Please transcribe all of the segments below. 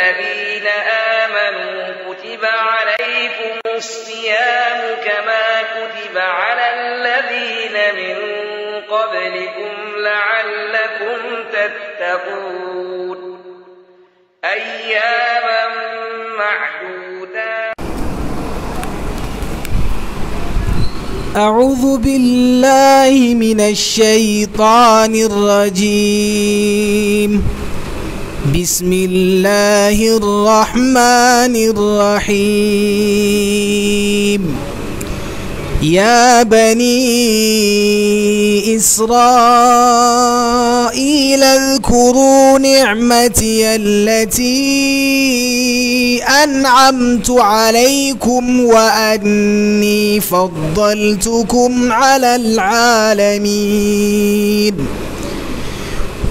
الذين آمنوا كتب عليكم الصيام كما كتب على الذين من قبلكم لعلكم تتقون أياما معدودا أعوذ بالله من الشيطان الرجيم بسم الله الرحمن الرحيم يا بني إسرائيل اذكروا نعمتي التي أنعمت عليكم وأني فضلتكم على العالمين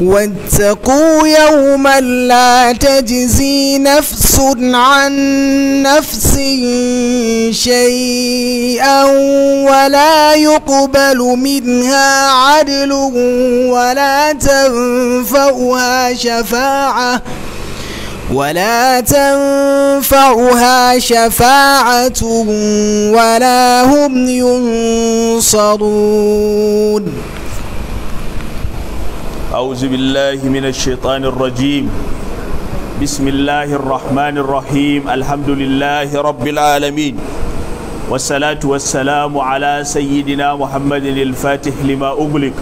واتقوا يوما لا تجزي نفس عن نفس شيئا ولا يقبل منها عدل ولا تنفعها شفاعه ولا تنفعها شفاعة ولا هم ينصرون أعوذ بالله من الشيطان الرجيم بسم الله الرحمن الرحيم الحمد لله رب العالمين والصلاة والسلام على سيدنا محمد الفاتح لما أغلق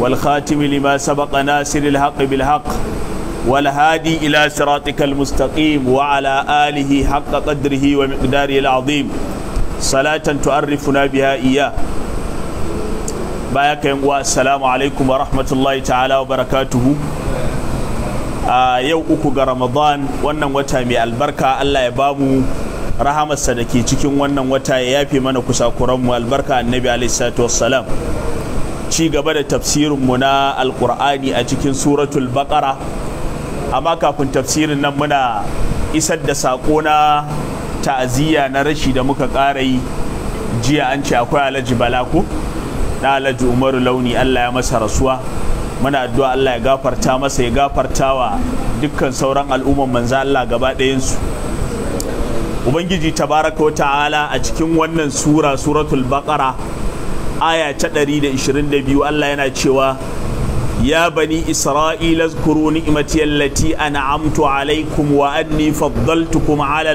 والخاتم لما سبق ناصر الحق بالحق والهادي إلى صراطك المستقيم وعلى آله حق قدره ومقداره العظيم صلاة تعرفنا بها إياه baya ka uwa assalamu alaikum wa rahmatullahi ta'ala wa barakatuhu a yau uku ga ramadan wannan wata mai albarka allah ya bamu rahamarsa da ke cikin wannan wata ya yafe mana kusa kuranmu albarka annabi alaihissalatu wassalam ci gaba da tafsirinmu na alkur'ani a cikin suratul baqara amma kafin tafsirin nan muna isar da saƙo na ta'aziyya na rashi da muka ƙara yi jiya an ce akwai alhaji bala ko na umaru launi allah ya masa rasuwa muna addu'a allah ya gafarta masa ya gafarta wa dukkan sauran al'umman manzo allah gaba ɗayansu ubangiji tabaraka wa ta'ala a cikin wannan sura suratul baqara aya ta 122 allah yana cewa ya bani isra'ila zkuru ni'mati allati an'amtu alaikum wa anni faddaltukum ala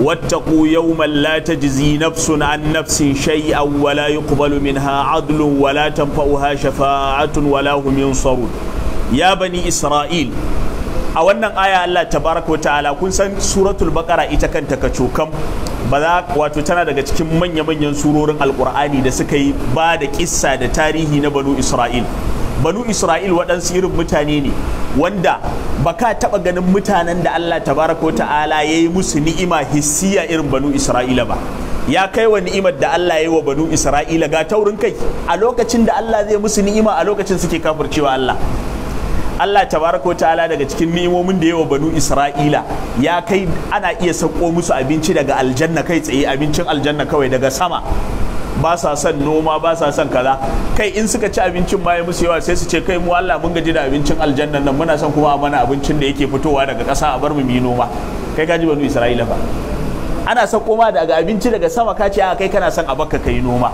واتقوا يوما لا تجزي نفس عن نفس شيئا ولا يقبل منها عدل ولا تنفعها شفاعة ولا هم ينصرون يا بني إسرائيل a wannan aya Allah tabaraka wa ta'ala kun san suratul baqara ita kanta ka cokam. ba za wato tana daga cikin manya-manyan surorin alkur'ani da suka yi ba da kissa da tarihi na banu isra'il banu isra'il waɗansu irin mutane ne wanda ka taɓa ganin mutanen da allah tabaraka wa ta'ala ya yi musu ni'ima hissiya irin banu isra'ila ba ya kai wa ni'imar da Allah ya yi wa banu Isra'ila ga taurin kai a lokacin da Allah zai musu ni'ima a lokacin suke kafircewa Allah Allah tabaraka ta'ala daga cikin ni'imomin da ya wa banu Isra'ila ya kai ana iya sauko musu abinci daga aljanna kai tsaye abincin aljanna kawai daga sama ba sa son noma ba sa son kaza kai in suka ci abincin bayan musu yawa sai su ce kai mu Allah mun gaji da abincin aljannan nan muna son kuma a mana abincin da yake fitowa daga kasa a bar mu yi noma kai ka ji banu Isra'ila ba ana son koma daga abinci daga sama ka ce a kai kana son a baka kai noma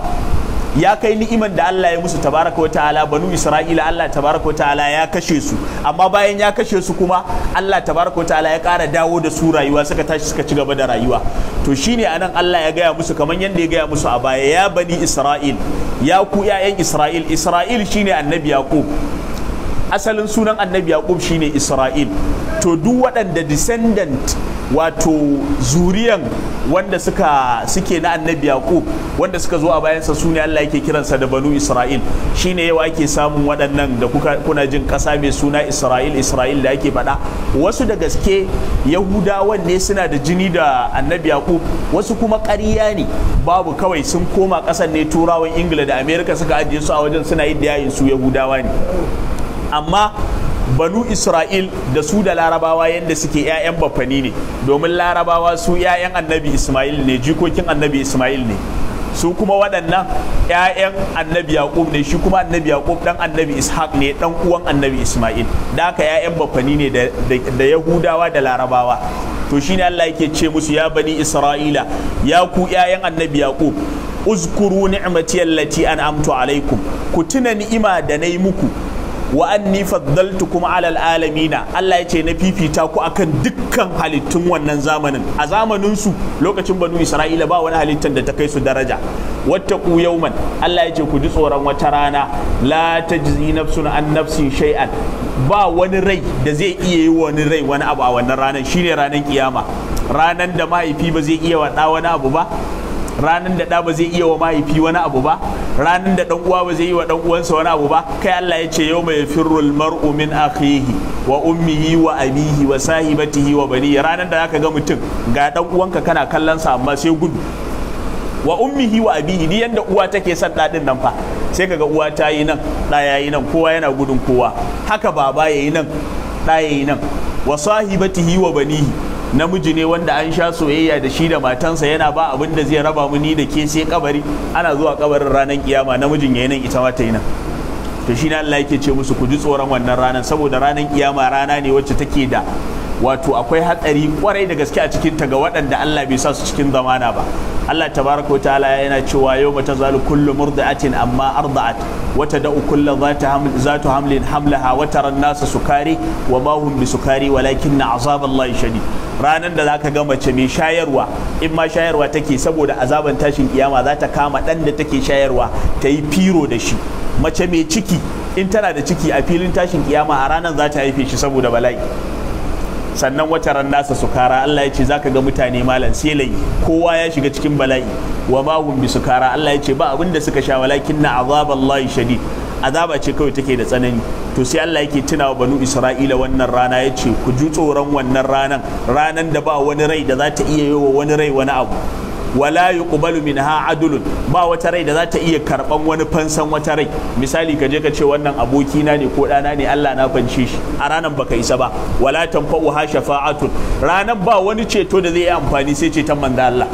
ya kai ni'imar da Allah ya musu tabaraka wa ta'ala banu isra'ila Allah tabaraka wa ta'ala ya kashe su amma bayan ya kashe su kuma Allah tabaraka wa ta'ala ya kara dawo da su rayuwa suka tashi suka ci gaba da rayuwa to shine anan Allah ya gaya musu kamar yadda ya gaya musu a baya ya bani isra'il ya ku ya'yan isra'il isra'il shine annabi yaqub asalin sunan annabi yaqub shine isra'il wato duk waɗanda descendant wato zuriyan wanda suka suke na annabi yaqub wanda suka zo a bayansa su ne Allah yake kiransa da banu isra'il shine yawa ake samun waɗannan da kuka kuna jin ƙasa mai suna isra'il isra'il da ake faɗa wasu da gaske yahudawan ne suna da jini da annabi yaqub wasu kuma ƙarya ne babu kawai sun koma ƙasar ne turawan ingila da amerika suka ajiye su a wajen suna yin da yayin su yahudawa ne amma banu isra'il da su da larabawa yadda suke 'ya'yan bafani ne domin larabawa su 'ya'yan annabi ismail ne jikokin annabi ismail ne su kuma waɗannan 'ya'yan annabi yaqub ne shi kuma annabi yaqub ɗan annabi ishaq ne ɗan uwan annabi ismail da haka 'ya'yan bafani ne da yahudawa da larabawa to shi ne allah yake ce musu ya bani isra'ila ya ku 'ya'yan annabi yaqub uzkuru ni'mati allati an'amtu alaikum ku tuna ni'ima da nayi muku wa anni faddaltukum alal alamina Allah ya ce na fifita ku akan dukkan halittun wannan zamanin a zamanin su lokacin banu Isra'ila ba wani halittan da ta kai su daraja wattaqu yawman Allah ya ce ku ji tsoron wata rana la tajzi nafsun an nafsi shay'an ba wani rai da zai iya yi wani rai wani abu a wannan ranar shine ranar kiyama ranar da mahaifi ba zai iya wa wani abu ba ranan da ɗa ba zai iya wa mahaifi wani abu ba ranar da dan uwa ba zai yi wa dan uwansa wani abu ba kai Allah ya ce yau mai firrul mar'u min akhihi wa ummihi wa abihi wa sahibatihi wa bani ranar da zaka ga mutum ga dan uwanka kana kallon sa amma sai gudu wa ummihi wa abihi ni yanda uwa take son dadin nan fa sai kaga uwa ta yi nan da yayi nan kowa yana gudun kowa haka baba yayi nan da yayi nan wa sahibatihi wa banihi namiji ne wanda an sha soyayya da shi da matansa yana ba abin da zai raba mu ni da ke sai kabari ana zuwa kabarin ranar kiyama namijin yi nan ita ma ta yi nan to shi ne Allah yake ce musu ku ji tsoron wannan ranar saboda ranar kiyama rana ne wacce take da wato akwai hatsari kwarai da gaske a ta ga waɗanda Allah bai sa su cikin zamana ba Allah tabaraka wa ta'ala yana cewa yau mata zalu kullu murdi'atin amma arda'at wata da'u kullu zatu hamlin hamlaha wa an nasa sukari wa ma hum bisukari walakinna azaballahi shadid ranan da zaka ga mace mai shayarwa in ma shayarwa take saboda azaban tashin kiyama za ta kama dan da take shayarwa ta yi firo da shi mace mai ciki in tana da ciki a filin tashin kiyama a ranar za ta haife shi saboda bala'i sannan wata ran nasa sukara Allah ya ce zaka ga mutane malam selayi kowa ya shiga cikin bala'i wa ma hum bi sukara Allah ya ce ba abin da suka sha walakin na azaballahi shadid azaba ce kawai take da tsanani to sai Allah yake tuna wa banu Isra'ila wannan rana ya ce ku ji tsoron wannan ranan ranan da ba wani rai da za ta iya yi wa wani rai wani abu wala yuqbalu minha adulun ba wata rai da za ta iya karban wani fansan wata rai misali ka je ka ce wannan aboki na ne ko dana ne Allah na fance shi a ranan baka isa ba wala tanfa'u ha shafa'atun ranan ba wani ceto da zai yi amfani sai ceton manzo Allah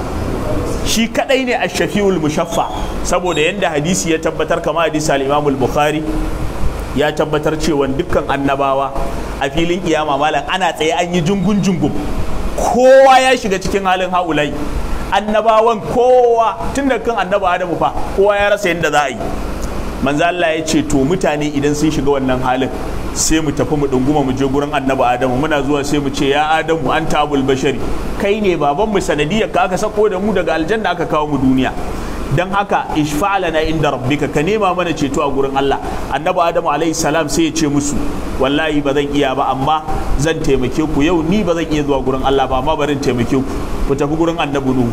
shi kadai ne ash-shafi'ul mushaffa saboda yanda hadisi ya tabbatar kama hadisi al-Imam al-Bukhari ya tabbatar cewa dukkan annabawa a filin kiyama malam ana tsaye an yi jungun jungun kowa ya shiga cikin halin haulai annabawan kowa tun da kan annaba adamu fa kowa ya rasa yadda za a yi manzo Allah ya ce to mutane idan sun shiga wannan halin sai mu tafi mu dunguma mu je gurin annabi adamu muna zuwa sai mu ce ya adamu an tabul bashari kai ne baban mu sanadiyar ka aka sako da mu daga aljanna aka kawo mu duniya don haka ishfa'ala na inda rabbika ka nema mana ceto a gurin Allah annabi adamu alaihi salam sai ya ce musu wallahi ba zan iya ba amma zan taimake ku yau ni ba zan iya zuwa gurin Allah ba amma barin taimake ku ku tafi gurin annabi nuhu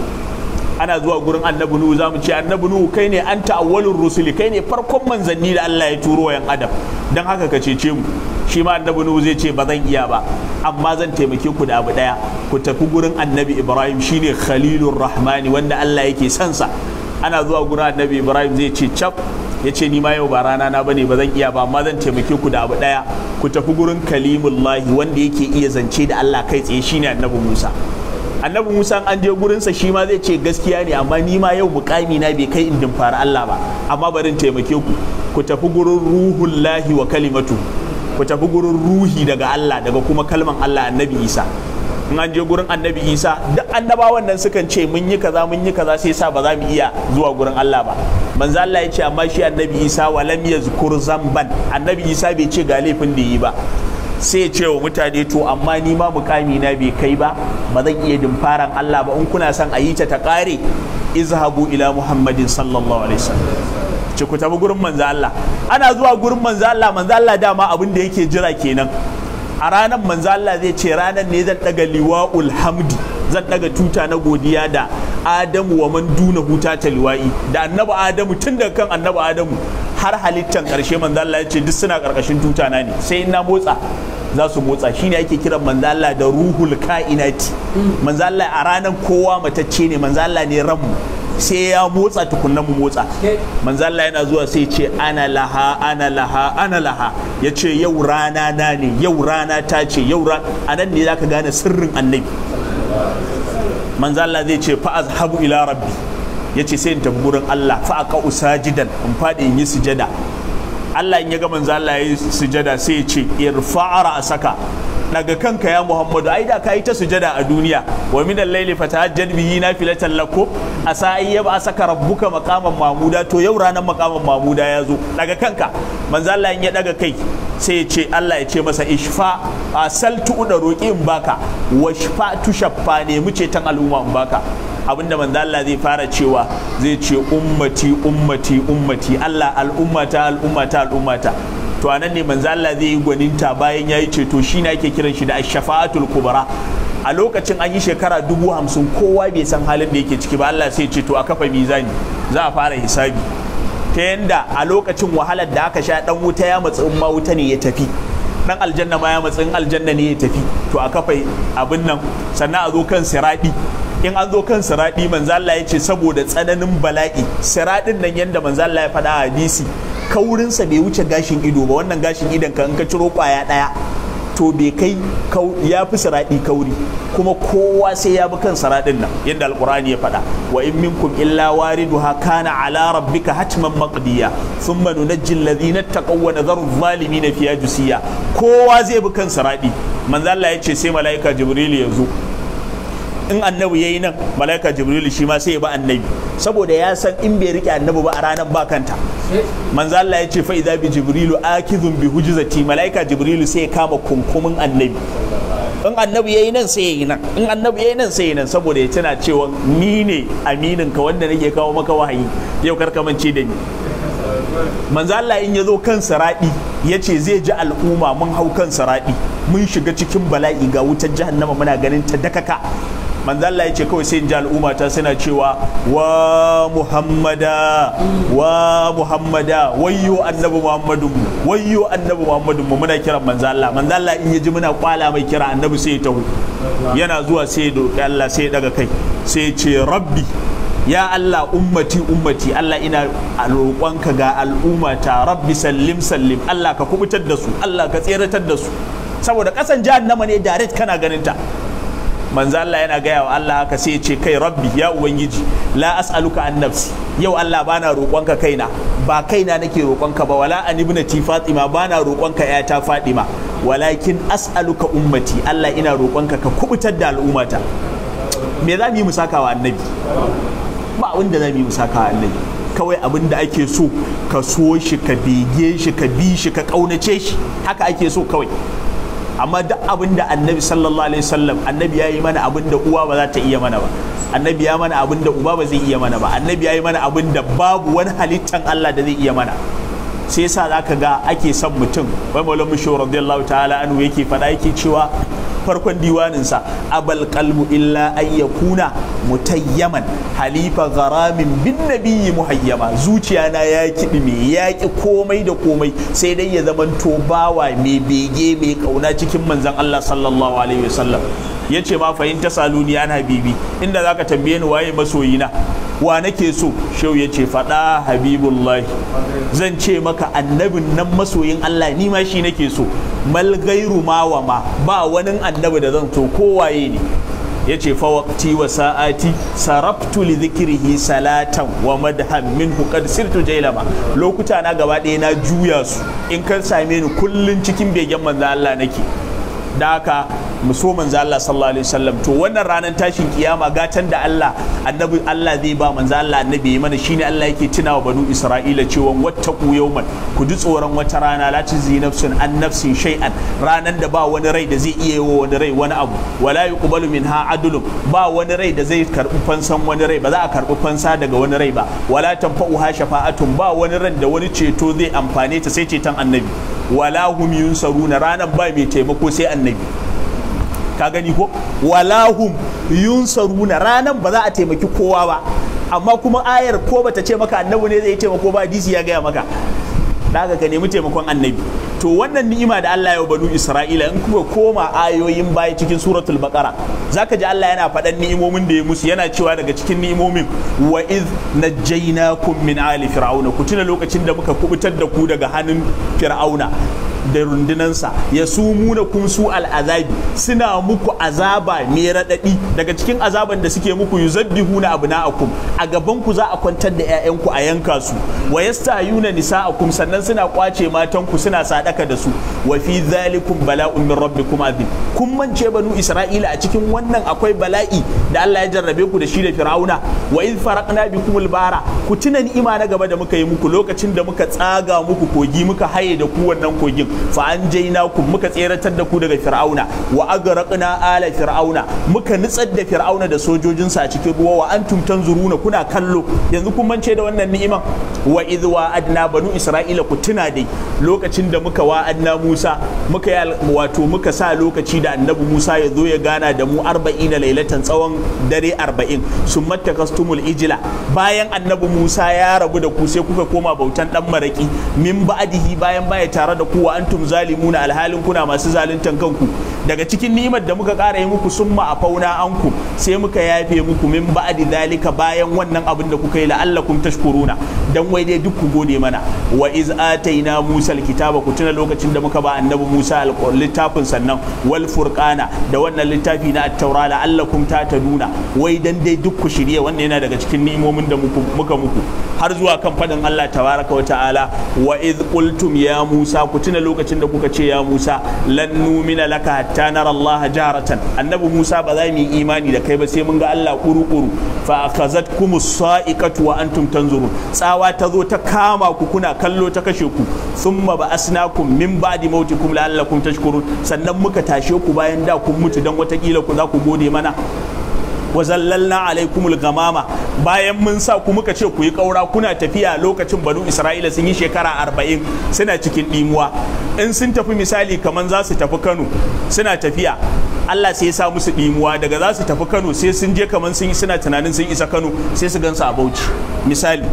ana zuwa gurin annabi nuhu zamu ce annabi nuhu kai ne anta awwalur rusuli kai ne farkon manzanni da Allah ya turo yan adam dan haka ka cece mu shi ma annabi nuhu zai ce ba zan iya ba amma zan taimake ku da abu daya ku tafi gurin annabi ibrahim shine khalilur rahmani wanda Allah yake son sa ana zuwa gurin annabi ibrahim zai ce cap ya ce ni yau ba rana na bane ba zan iya ba amma zan taimake ku da abu daya ku tafi gurin kalimullahi wanda yake iya zance da Allah kai tsaye shine annabi Musa annabi Musa an je gurinsa shi ma zai ce gaskiya ne amma ni ma yau mukami na bai kai indin fara Allah ba amma barin taimake ku ku tafi gurin ruhullahi wa kalimatu ku tafi gurin ruhi daga Allah daga kuma kalman Allah annabi Isa in an je gurin annabi isa duk annabawan nan sukan ce mun yi kaza mun yi kaza sai sa ba za mu iya zuwa gurin allah ba manzo allah ya ce amma shi annabi isa walam yazkur zamban annabi isa bai ce ga laifin da yi ba sai ce wa mutane to amma ni ma mukami na bai kai ba ba zan iya dimfaran Allah ba in kuna son a yi ta ta kare izhabu ila Muhammadin sallallahu alaihi wasallam ce ku tafi gurin manzo Allah ana zuwa gurin manzo Allah manzo Allah dama abin da yake jira kenan a ranar manzo Allah zai ce ranar ne zan daga liwa'ul hamdi zan daga tuta na godiya da Adamu wa man duna huta ta liwa'i da annabi Adamu tun daga kan annabi Adamu har halittan karshe manzo Allah ya ce duk suna karkashin tuta na ne sai in na motsa za su motsa shine ake kiran manzo da ruhul kainati manzo a ranar kowa matacce ne manzo Allah ne ranmu sai ya motsa tukunan mu motsa manzo yana zuwa sai ce ana laha ana laha ana laha ya ce yau rana na ne yau rana ta ce yau rana anan ne zaka gane sirrin annabi manzo zai ce fa azhabu ila rabbi ya ce sai in tafi Allah fa aqa usajidan in fadi in yi sujada Allah in ya ga manzo Allah ya sujada sai ya ce irfa'ara saka daga kanka ya Muhammadu ai da ka yi ta sujada a duniya wa min al-layli fatahajjad bihi nafilatan lakum asa ba asaka saka rabbuka maqaman mamuda to yau ranan maqaman mamuda ya zo daga kanka manzo Allah in ya daga kai sai ya ce Allah ya ce masa ishfa asaltu da roƙi in baka washfa tu shaffa ne mu ce tan al'umma in baka abinda manzo Allah zai fara cewa zai ce ummati ummati ummati Allah al'ummata al'ummata al'ummata to anan ne manzo Allah zai yi gwaninta bayan yayi ceto shi ne yake kiran shi da ash-shafa'atul kubra a lokacin an yi shekara dubu hamsin kowa bai san halin da yake ciki ba Allah sai ce to a kafa mizani za a fara hisabi ta yanda a lokacin wahalar da aka sha dan wuta ya matsi in ma wuta ne ya tafi dan aljanna ma ya matsi in aljanna ne ya tafi to a kafa abin nan sannan a zo kan siradi in an zo kan siraɗi manzala ya ce saboda tsananin bala'i siraɗin nan yadda manzala ya faɗa a hadisi kaurinsa bai wuce gashin ido ba wannan gashin idon ka in ka ciro kwaya ɗaya to bai kai ya fi siraɗi kauri kuma kowa sai ya bi kan siraɗin nan yadda Alƙurani ya faɗa wa in minkum illa duha kana ala rabbika hatman maqdiya thumma nunajji alladhina taqaw na nadharu adh na fiya jusiya kowa zai bi kan siraɗi manzala ya ce sai mala'ika jibril ya zo in annabi ya yi nan malaika jibril shi ma sai ya ba annabi saboda ya san in bai rike annabi ba a ranar ba kanta manzo Allah ya ce fa idza bi jibrilu akizun bi hujzati malaika jibrilu sai ya kama kunkumin annabi in annabi ya yi nan sai yi nan in annabi yi nan sai yi nan saboda ya tana cewa ni ne aminin ka wanda nake kawo maka wahayi yau kar mance da ni manzo Allah in ya zo kan saradi ya ce zai ji al'umma mun hau kan saradi mun shiga cikin bala'i ga wutar jahannama muna ganin ta dakaka manzalla ya ce kawai sai in ji al'umma ta suna cewa wa muhammada wa muhammada wayyo annabi Muhammadu wayyo annabi mu muna kiran manzalla manzalla in ya ji muna kwala mai kira annabi sai ya taho yana zuwa sai ya Allah sai ya daga kai sai ya ce rabbi ya Allah ummati ummati Allah ina roƙonka ga al'umma ta rabbi sallim sallim Allah ka kubutar da su Allah ka tseratar da su saboda ƙasan jahannama ne direct kana ganin ta manzo Allah yana gaya wa Allah haka sai ya ce kai rabbi ya ubangiji la as'aluka an nafsi yau Allah bana roƙonka kaina ba kaina nake roƙonka ba wala an ibnati fatima bana roƙonka yata fatima walakin as'aluka ummati Allah ina roƙonka ka kubutar da al'ummata me za mu yi wa annabi ba wanda za mu yi wa annabi kawai abin da ake so ka so shi ka bege shi ka bi shi ka kaunace shi haka ake so kawai amma duk abin da annabi sallallahu alaihi wasallam annabi ya yi mana abin da uwa ba za ta iya mana ba annabi ya mana abin da uba ba zai iya mana ba annabi ya yi mana abin da babu wani halittan Allah da zai iya mana sai yasa zaka ga ake son mutum wai maulan mushi radiyallahu ta'ala anhu yake faɗa yake cewa farkon diwaninsa abal qalbu illa ayyakuna. mutayyaman halifa garamin bin nabiyyi muhayyama zuciya na ya kiɗi mai ya ki komai da komai sai dai ya zama tobawa bawa mai bege mai kauna cikin manzan Allah sallallahu alaihi wasallam ce ma fahimta saluni ya habibi inda zaka tambaye ni waye masoyina wa nake so shau ya ce faɗa habibullahi zan ce maka annabin nan masoyin Allah ni ma shi nake so mal ma wa ma ba wani annabi da zan so kowaye ne yace fa waqti wa sa'ati saraftu li dhikrihi salatan wa madhan minhu qad sirtu jailama lokuta na gaba ɗaya na juya su in kan same ni kullun cikin begen manzo Allah nake da haka muso manzo Allah sallallahu alaihi wasallam to wannan ranar tashin kiyama gatan da Allah annabi Allah zai ba manzo Allah annabi mana shine Allah yake tuna wa banu Isra'ila cewa wattaqu yawman ku ji tsoron wata rana la tujzi nafsun an nafsin shay'an ranan da ba wani rai da zai iya yi wa wani rai wani abu wala yuqbalu minha adulum ba wani rai da zai karbi fansan wani rai ba za a karbi fansa daga wani rai ba wala ha shafa'atun ba wani ran da wani ceto zai amfane ta sai ceton annabi wala hum yunsaruna ranan ba mai taimako sai annabi annabi ka gani ko walahum yunsaruna ranan ba za a taimaki kowa ba amma kuma ayar ko ba ta ce maka annabi ne zai taimako ba hadisi ya gaya maka daga ka nemi taimakon annabi to wannan ni'ima da Allah ya banu Isra'ila in kuka koma ayoyin baya cikin suratul baqara zaka ji Allah yana faɗan ni'imomin da ya musu yana cewa daga cikin ni'imomin wa iz najjaynakum min ali fir'auna ku tuna lokacin da muka kubutar da ku daga hannun fir'auna da rundunansa ya sumu muna kun su al'azabi suna muku azaba mai raɗaɗi daga cikin azaban da suke muku yuzabbihu na abu na akum a gabanku za a kwantar da 'ya'yanku a yanka su wa nisa kum sannan suna kwace matanku suna sadaka da su wa fi zalikum bala'un min rabbikum azim kun mance banu isra'ila a cikin wannan akwai bala'i da Allah ya jarrabe ku da shi da fir'auna wa iz faraqna bikumul bara ku tuna ni'ima na gaba da muka yi muku lokacin da muka tsaga muku kogi muka haye da ku wannan kogin fa an ku. muka tseratar da ku daga fir'auna wa agraqna ala fir'auna muka nutsar da fir'auna da sojojinsa a cikin ruwa wa antum tanzuruna kuna kallo yanzu kun mance da wannan ni'iman wa idh adna banu isra'ila ku tuna dai lokacin da muka adna Musa muka wato muka sa lokaci da annabi Musa ya zo ya gana da mu 40 lailatan tsawon dare 40 summatta kastumul ijla bayan annabi Musa ya rabu da ku sai kuka koma bautan dan maraki min ba'dihi bayan baya tare da ku wa antum zalimuna alhalin kuna masu zaluntan kanku daga cikin ni'imar da muka kara yi muku summa a fauna anku sai muka yafe muku min ba'di zalika bayan wannan abin da kuka yi la'allakum tashkuruna dan wai dai duk ku gode mana wa iz ataina musa alkitaba ku tuna lokacin da muka ba annabi musa littafin sannan wal furqana da wannan littafi na at-taura la'allakum tataduna wai dan dai duk ku shirye wannan yana daga cikin nimomin da muka muku har zuwa kan fadin Allah tabaraka wa ta'ala wa iz qultum ya musa ku tuna lokacin da kuka ce ya Musa lan numina laka hatta nara Allah jaharatan annabi Musa ba za mu yi imani da kai ba sai mun ga Allah kuru kuru fa akhazatkum sa'iqatu wa antum tanzurun tsawa ta zo ta kama ku kuna kallo ta kashe ku thumma ba asnakum min ba'di mautikum la'allakum tashkurun sannan muka tashe ku bayan da kun mutu dan watakila ku za ku gode mana wa zallalna alaikumul gamama bayan mun sa ku muka ce ku yi kaura kuna tafiya lokacin banu isra'ila sun yi shekara arba'in suna cikin dimuwa in sun tafi misali kamar za su tafi kano suna tafiya Allah sai ya sa musu dimuwa daga za su tafi Kano sai sun je kaman sun suna tunanin sun isa Kano sai su gansu a Bauchi misali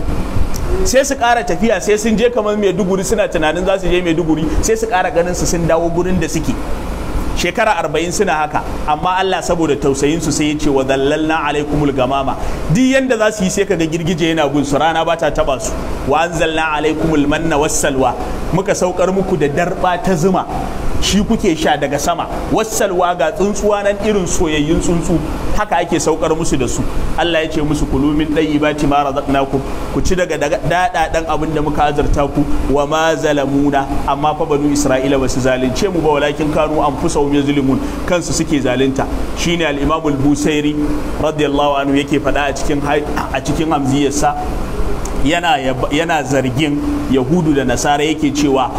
sai su ƙara tafiya sai sun je kaman Maiduguri suna tunanin za su je Maiduguri sai su kara ganin su sun dawo gurin da suke shekara arba'in suna haka amma Allah saboda tausayin su sai ya ce wa zallalna alaikumul gamama duk yanda za su yi sai kaga girgije yana gun su rana ba ta taba su wa anzalna alaikumul manna wassalwa muka saukar muku da darba ta zuma shi kuke sha daga sama wassalwa ga tsuntsuwa nan irin soyayyun tsuntsu haka ake saukar musu da su Allah ya ce musu kulu min dayyibati ma razaqnakum ku ci daga dada dan abin da muka azurta ku wa ma zalamuna amma fa banu isra'ila basu zalunce mu ba walakin kanu anfusahum yazlimun kansu suke zalunta shine al-imam al-busairi radiyallahu anhu yake fada a cikin a cikin hamziyarsa yana zargin yahudu da nasara yake cewa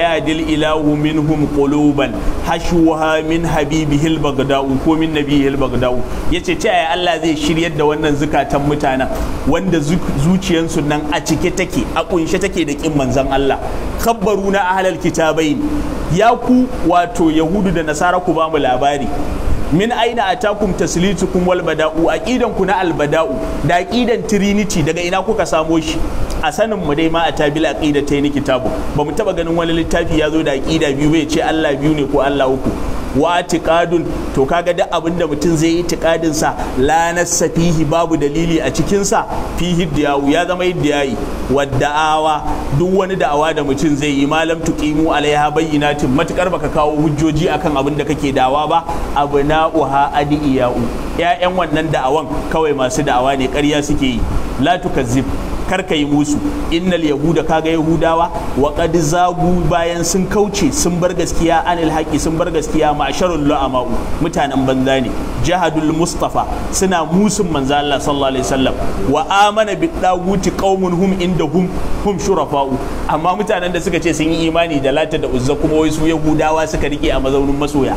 ya dil ilahu minhum quluban hashuha min habibihil bagdau ko min nabihil bagdau yace ta yaya Allah zai shiryar da wannan zukatan mutanen wanda zuciyansu nan a cike take a kunshe take da kin manzon Allah khabbaruna ahlal kitabain ya ku wato yahudu da nasara ku ba mu labari min aina atakum taslitukum wal bada'u aqidan ku na al bada'u da aqidan trinity daga ina kuka samo shi a sanin mu dai ma a tabil aqida ta ni kitabu ba mu taba ganin wani littafi ya zo da aqida biyu bai ce Allah biyu ne ko Allah uku wa tiqadun to kaga duk abin da mutum zai yi tiqadin sa la nasafihi babu dalili a cikin sa fihi diyawu ya zama Wadda wadda'awa duk wani da'awa da mutum zai yi malam tuqimu alaiha bayyinatin matukar baka kawo hujjoji akan abin da kake dawa ba adi iyau. Ya'yan wannan da'awan kawai masu da'awa ne ƙarya suke yi la tukazzib karka yi musu innal yahuda kaga yahudawa wa qad zagu bayan sun kauce sun bar gaskiya anil haqi sun bar gaskiya ma'sharul lu'ama'u mutanen banza ne jahadul mustafa suna musun manzo Allah sallallahu alaihi wasallam wa amana bi daguti qaumun hum inda hum hum shurafa'u amma mutanen da suka ce sun yi imani da lata da uzza kuma wai su yahudawa suka rike a mazaunin masoya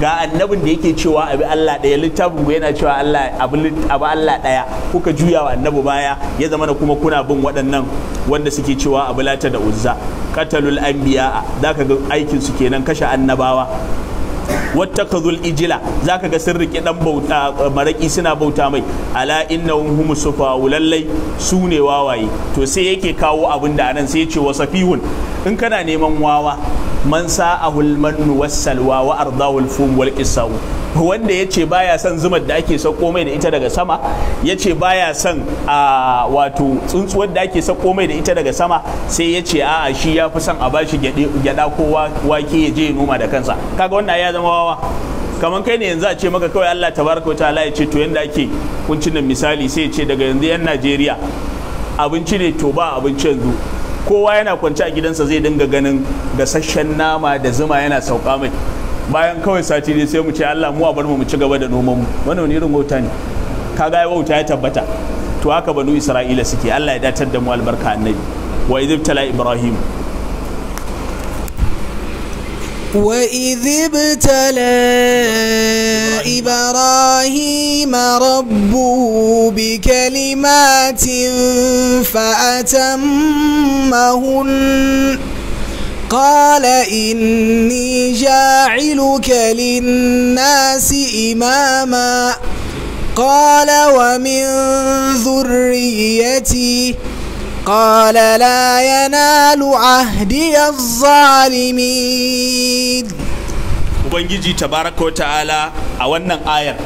ga annabin da yake cewa abi Allah ɗaya littafin ku yana cewa Allah abu Allah ɗaya kuka juya wa annabi baya ya zama kuma kuna bin waɗannan wanda suke cewa abu lata da uzza qatalul anbiya zaka ga aikin su kenan kashe annabawa wattakazul ijila zaka ga sun riƙe ɗan bauta eh, maraki suna bauta mai ala innahum hum sufau lallai su ne wawaye to sai yake kawo abin da anan sai ya ce wasafihun in kana neman wawa man a hulman wassalwa wa ardahu al-fum wal qisaw wanda yace baya son zumar da ake sako mai da ita daga sama yace baya son a wato tsuntsuwar da ake sako mai da ita daga sama sai yace a'a shi ya fi son a bashi gyada ko wake ya je noma da kansa kaga wannan ya zama wawa kamar kai ne yanzu a ce maka kawai Allah tabaraka wa ta'ala ya ce to yanda ake kuncin misali sai ya ce daga yanzu yan Najeriya abinci ne to ba abinci yanzu kowa yana kwance a gidansa zai dinga ganin gasasshen nama da zuma yana sauka mai bayan kawai sati ne sai mu ce Allah mu a bar mu ci gaba da noman mu wannan irin wauta ne kaga ya wauta ya tabbata to haka banu Isra'ila suke Allah ya datar da mu albarka annabi wa idh ibrahim وإذ ابتلى إبراهيم ربه بكلمات فأتمهن قال إني جاعلك للناس إماما قال ومن ذريتي قال لا ينال عهدي الظالمين ubangiji tabaraka wa ta'ala a wannan ayar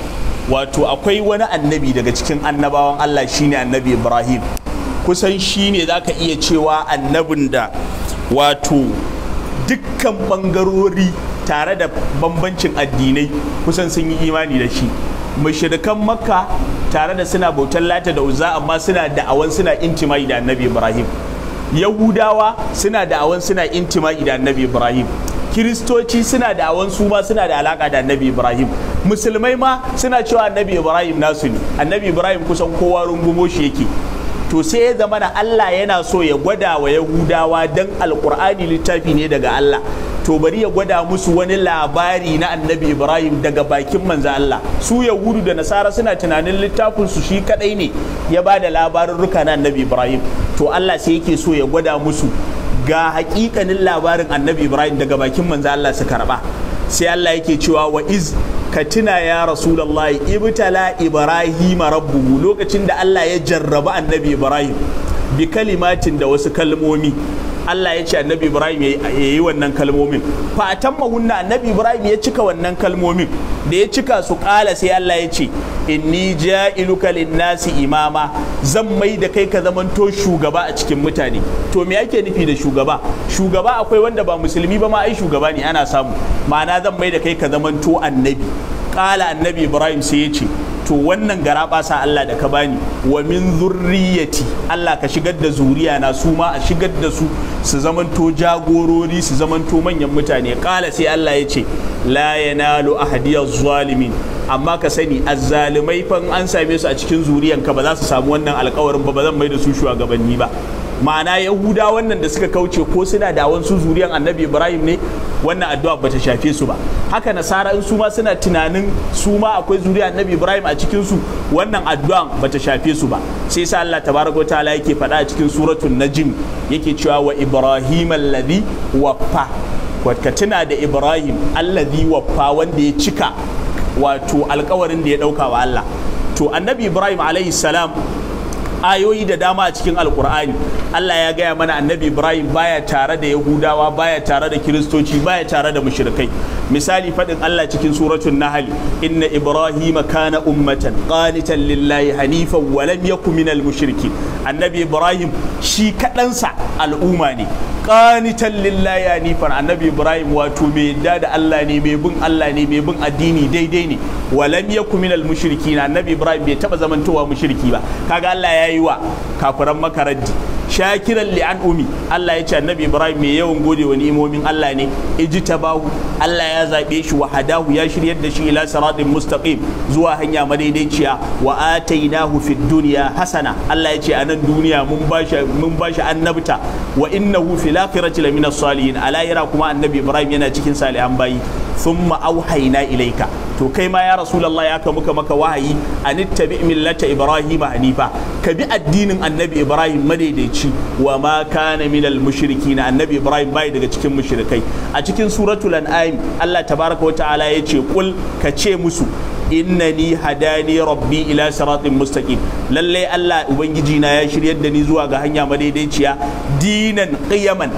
wato akwai wani annabi daga cikin annabawan Allah shine annabi Ibrahim kusan shine zaka iya cewa annabin da wato dukkan bangarori tare da bambancin addinai kusan sun yi imani da shi mashirikan makka tare da suna bautar lata da Uza amma suna da'awan suna intimai da annabi ibrahim yahudawa suna da'awan suna intimai da annabi ibrahim kiristoci suna da'awan su ma suna da alaka da annabi ibrahim musulmai ma suna cewa annabi ibrahim nasu ne annabi ibrahim kusan kowa rungumo shi yake to sai ya zama na allah yana so ya gwada wa yahudawa don alkur'ani littafi ne daga allah to bari ya gwada musu wani labari na annabi ibrahim daga bakin manzo Allah su yahudu da nasara suna tunanin littafin su shi kadai ne ya ba da labarurruka na annabi ibrahim to Allah sai yake so ya gwada musu ga hakikanin labarin annabi ibrahim daga bakin manzo Allah su karba sai Allah yake cewa wa iz ka tuna ya rasulullahi ibtala ibrahim rabbuhu lokacin da Allah ya jarraba annabi ibrahim bi kalimatin da wasu kalmomi Allah ya ce annabi Ibrahim ya yi wannan kalmomin fatan mahunna annabi Ibrahim ya cika wannan kalmomin da ya cika su kala sai Allah ya ce inni ja'iluka nasi imama zan mai da kai ka zamanto shugaba a cikin mutane to me yake nufi da shugaba shugaba akwai wanda ba musulmi ba ma ai shugaba ne ana samu ma'ana zan mai da kai ka zamanto annabi kala annabi Ibrahim sai ya ce to wannan gara sa Allah da ka bani wa min zurriyati Allah ka shigar da zuriya na su ma a shigar da su su zamanto jagorori su zamanto manyan mutane kala sai Allah ya ce la yanalu ahadiyaz zalimin amma ka sani azzalimai fa an same su a cikin zuriyanka ba za su samu wannan alkawarin ba ba zan mai da su shugabanni ba ma'ana yahuda wannan da suka kauce ko suna da wasu zuriyan annabi ibrahim ne wannan addu'a bata shafe su ba haka nasara in su ma suna tunanin su ma akwai zuriya annabi ibrahim a cikin su wannan addu'an bata shafe su ba sai sa Allah tabaraka ta'ala yake faɗa a cikin suratul najm yake cewa wa ibrahim alladhi waffa ka tuna da ibrahim alladhi waffa wanda ya cika wato alkawarin da ya dauka wa Allah to annabi ibrahim a.s. salam ayoyi da dama a cikin alkur'ani Allah ya gaya mana annabi Ibrahim baya tare da Yahudawa baya tare da Kiristoci baya tare da mushrikai misali faɗin Allah cikin suratun Nahl inna Ibrahim kana ummatan qanitan lillahi hanifan wa lam yakun minal annabi Ibrahim shi kaɗansa al'umma ne qanitan lillahi hanifan annabi Ibrahim wato mai yadda da Allah ne mai bin Allah ne mai bin addini daidai ne wa lam yakun minal annabi Ibrahim bai taba zamantowa mushriki ba kaga Allah ya yi wa kafiran makaranti. shakiran li umi Allah ya ce annabi Ibrahim mai yawan gode wa ni'imomin Allah ne ijtabahu Allah ya zabe shi wa hadahu ya shiryar da shi ila siratin mustaqim zuwa hanya madaidaiciya wa atainahu fid dunya hasana Allah ya ce a nan duniya mun bashi mun bashi annabta wa innahu fil akhirati lamina salihin alayra kuma annabi Ibrahim yana cikin salihan bayi thumma auhayna ilayka to kai ma ya rasulullah ya ka muka maka wahayi anittabi millata ibrahima hanifa ka bi addinin annabi Ibrahim madaidaici ci wa ma kana al mushrikin annabi ibrahim bai daga cikin mushrikai a cikin suratul an'am Allah tabaraka wa ta'ala ya ce kul ka ce musu innani hadani rabbi ila siratin mustaqim lalle Allah ubangiji na ya shiryar da ni zuwa ga hanya madaidaiciya dinan qiyaman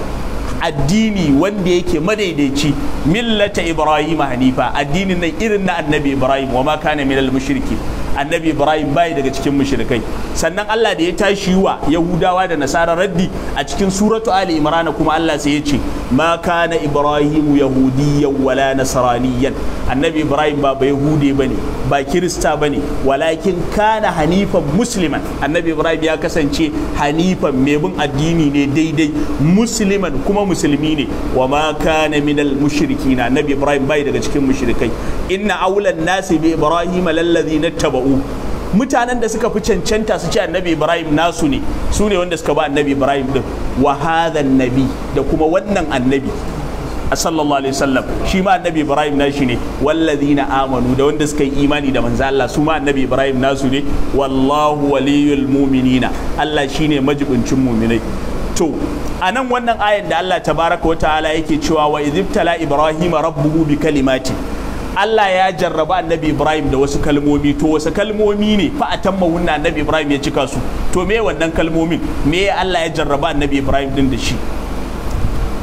addini wanda yake madaidaici millata ibrahim hanifa addinin nan irin na annabi ibrahim wa ma kana al mushrikin annabi ibrahim bai daga cikin mushrikai sannan allah da ya tashi wa yahudawa da nasara raddi a cikin suratu ali imrana kuma allah sai ya ce ma kana ibrahim yahudiyyan wala nasraniyan annabi ibrahim ba ba yahude bane ba kirista bane walakin kana hanifan musliman annabi ibrahim ya kasance hanifan mai bin addini ne daidai musliman kuma musulmi ne wa ma kana minal mushrikina annabi ibrahim bai daga cikin mushrikai inna aulan nasi bi ibrahim lalladhina tabau yashfa'u mutanen da suka fi cancanta su ce annabi ibrahim nasu ne su ne wanda suka ba annabi ibrahim din wa nabi da kuma wannan annabi a sallallahu alaihi wasallam shi ma annabi ibrahim nashi ne wallazina amanu da wanda suka yi imani da manzo Allah su ma annabi ibrahim nasu ne wallahu waliyul mu'minina Allah shine majibincin mu'minai to a nan wannan ayan da Allah tabaraka wa ta'ala yake cewa wa idibtala ibrahima rabbuhu bi kalimati Allah ya jarraba annabi Ibrahim da wasu kalmomi to wasu kalmomi ne fa tamma wunna annabi Ibrahim ya cika su to me wannan kalmomin me Allah ya jarraba annabi Ibrahim din da shi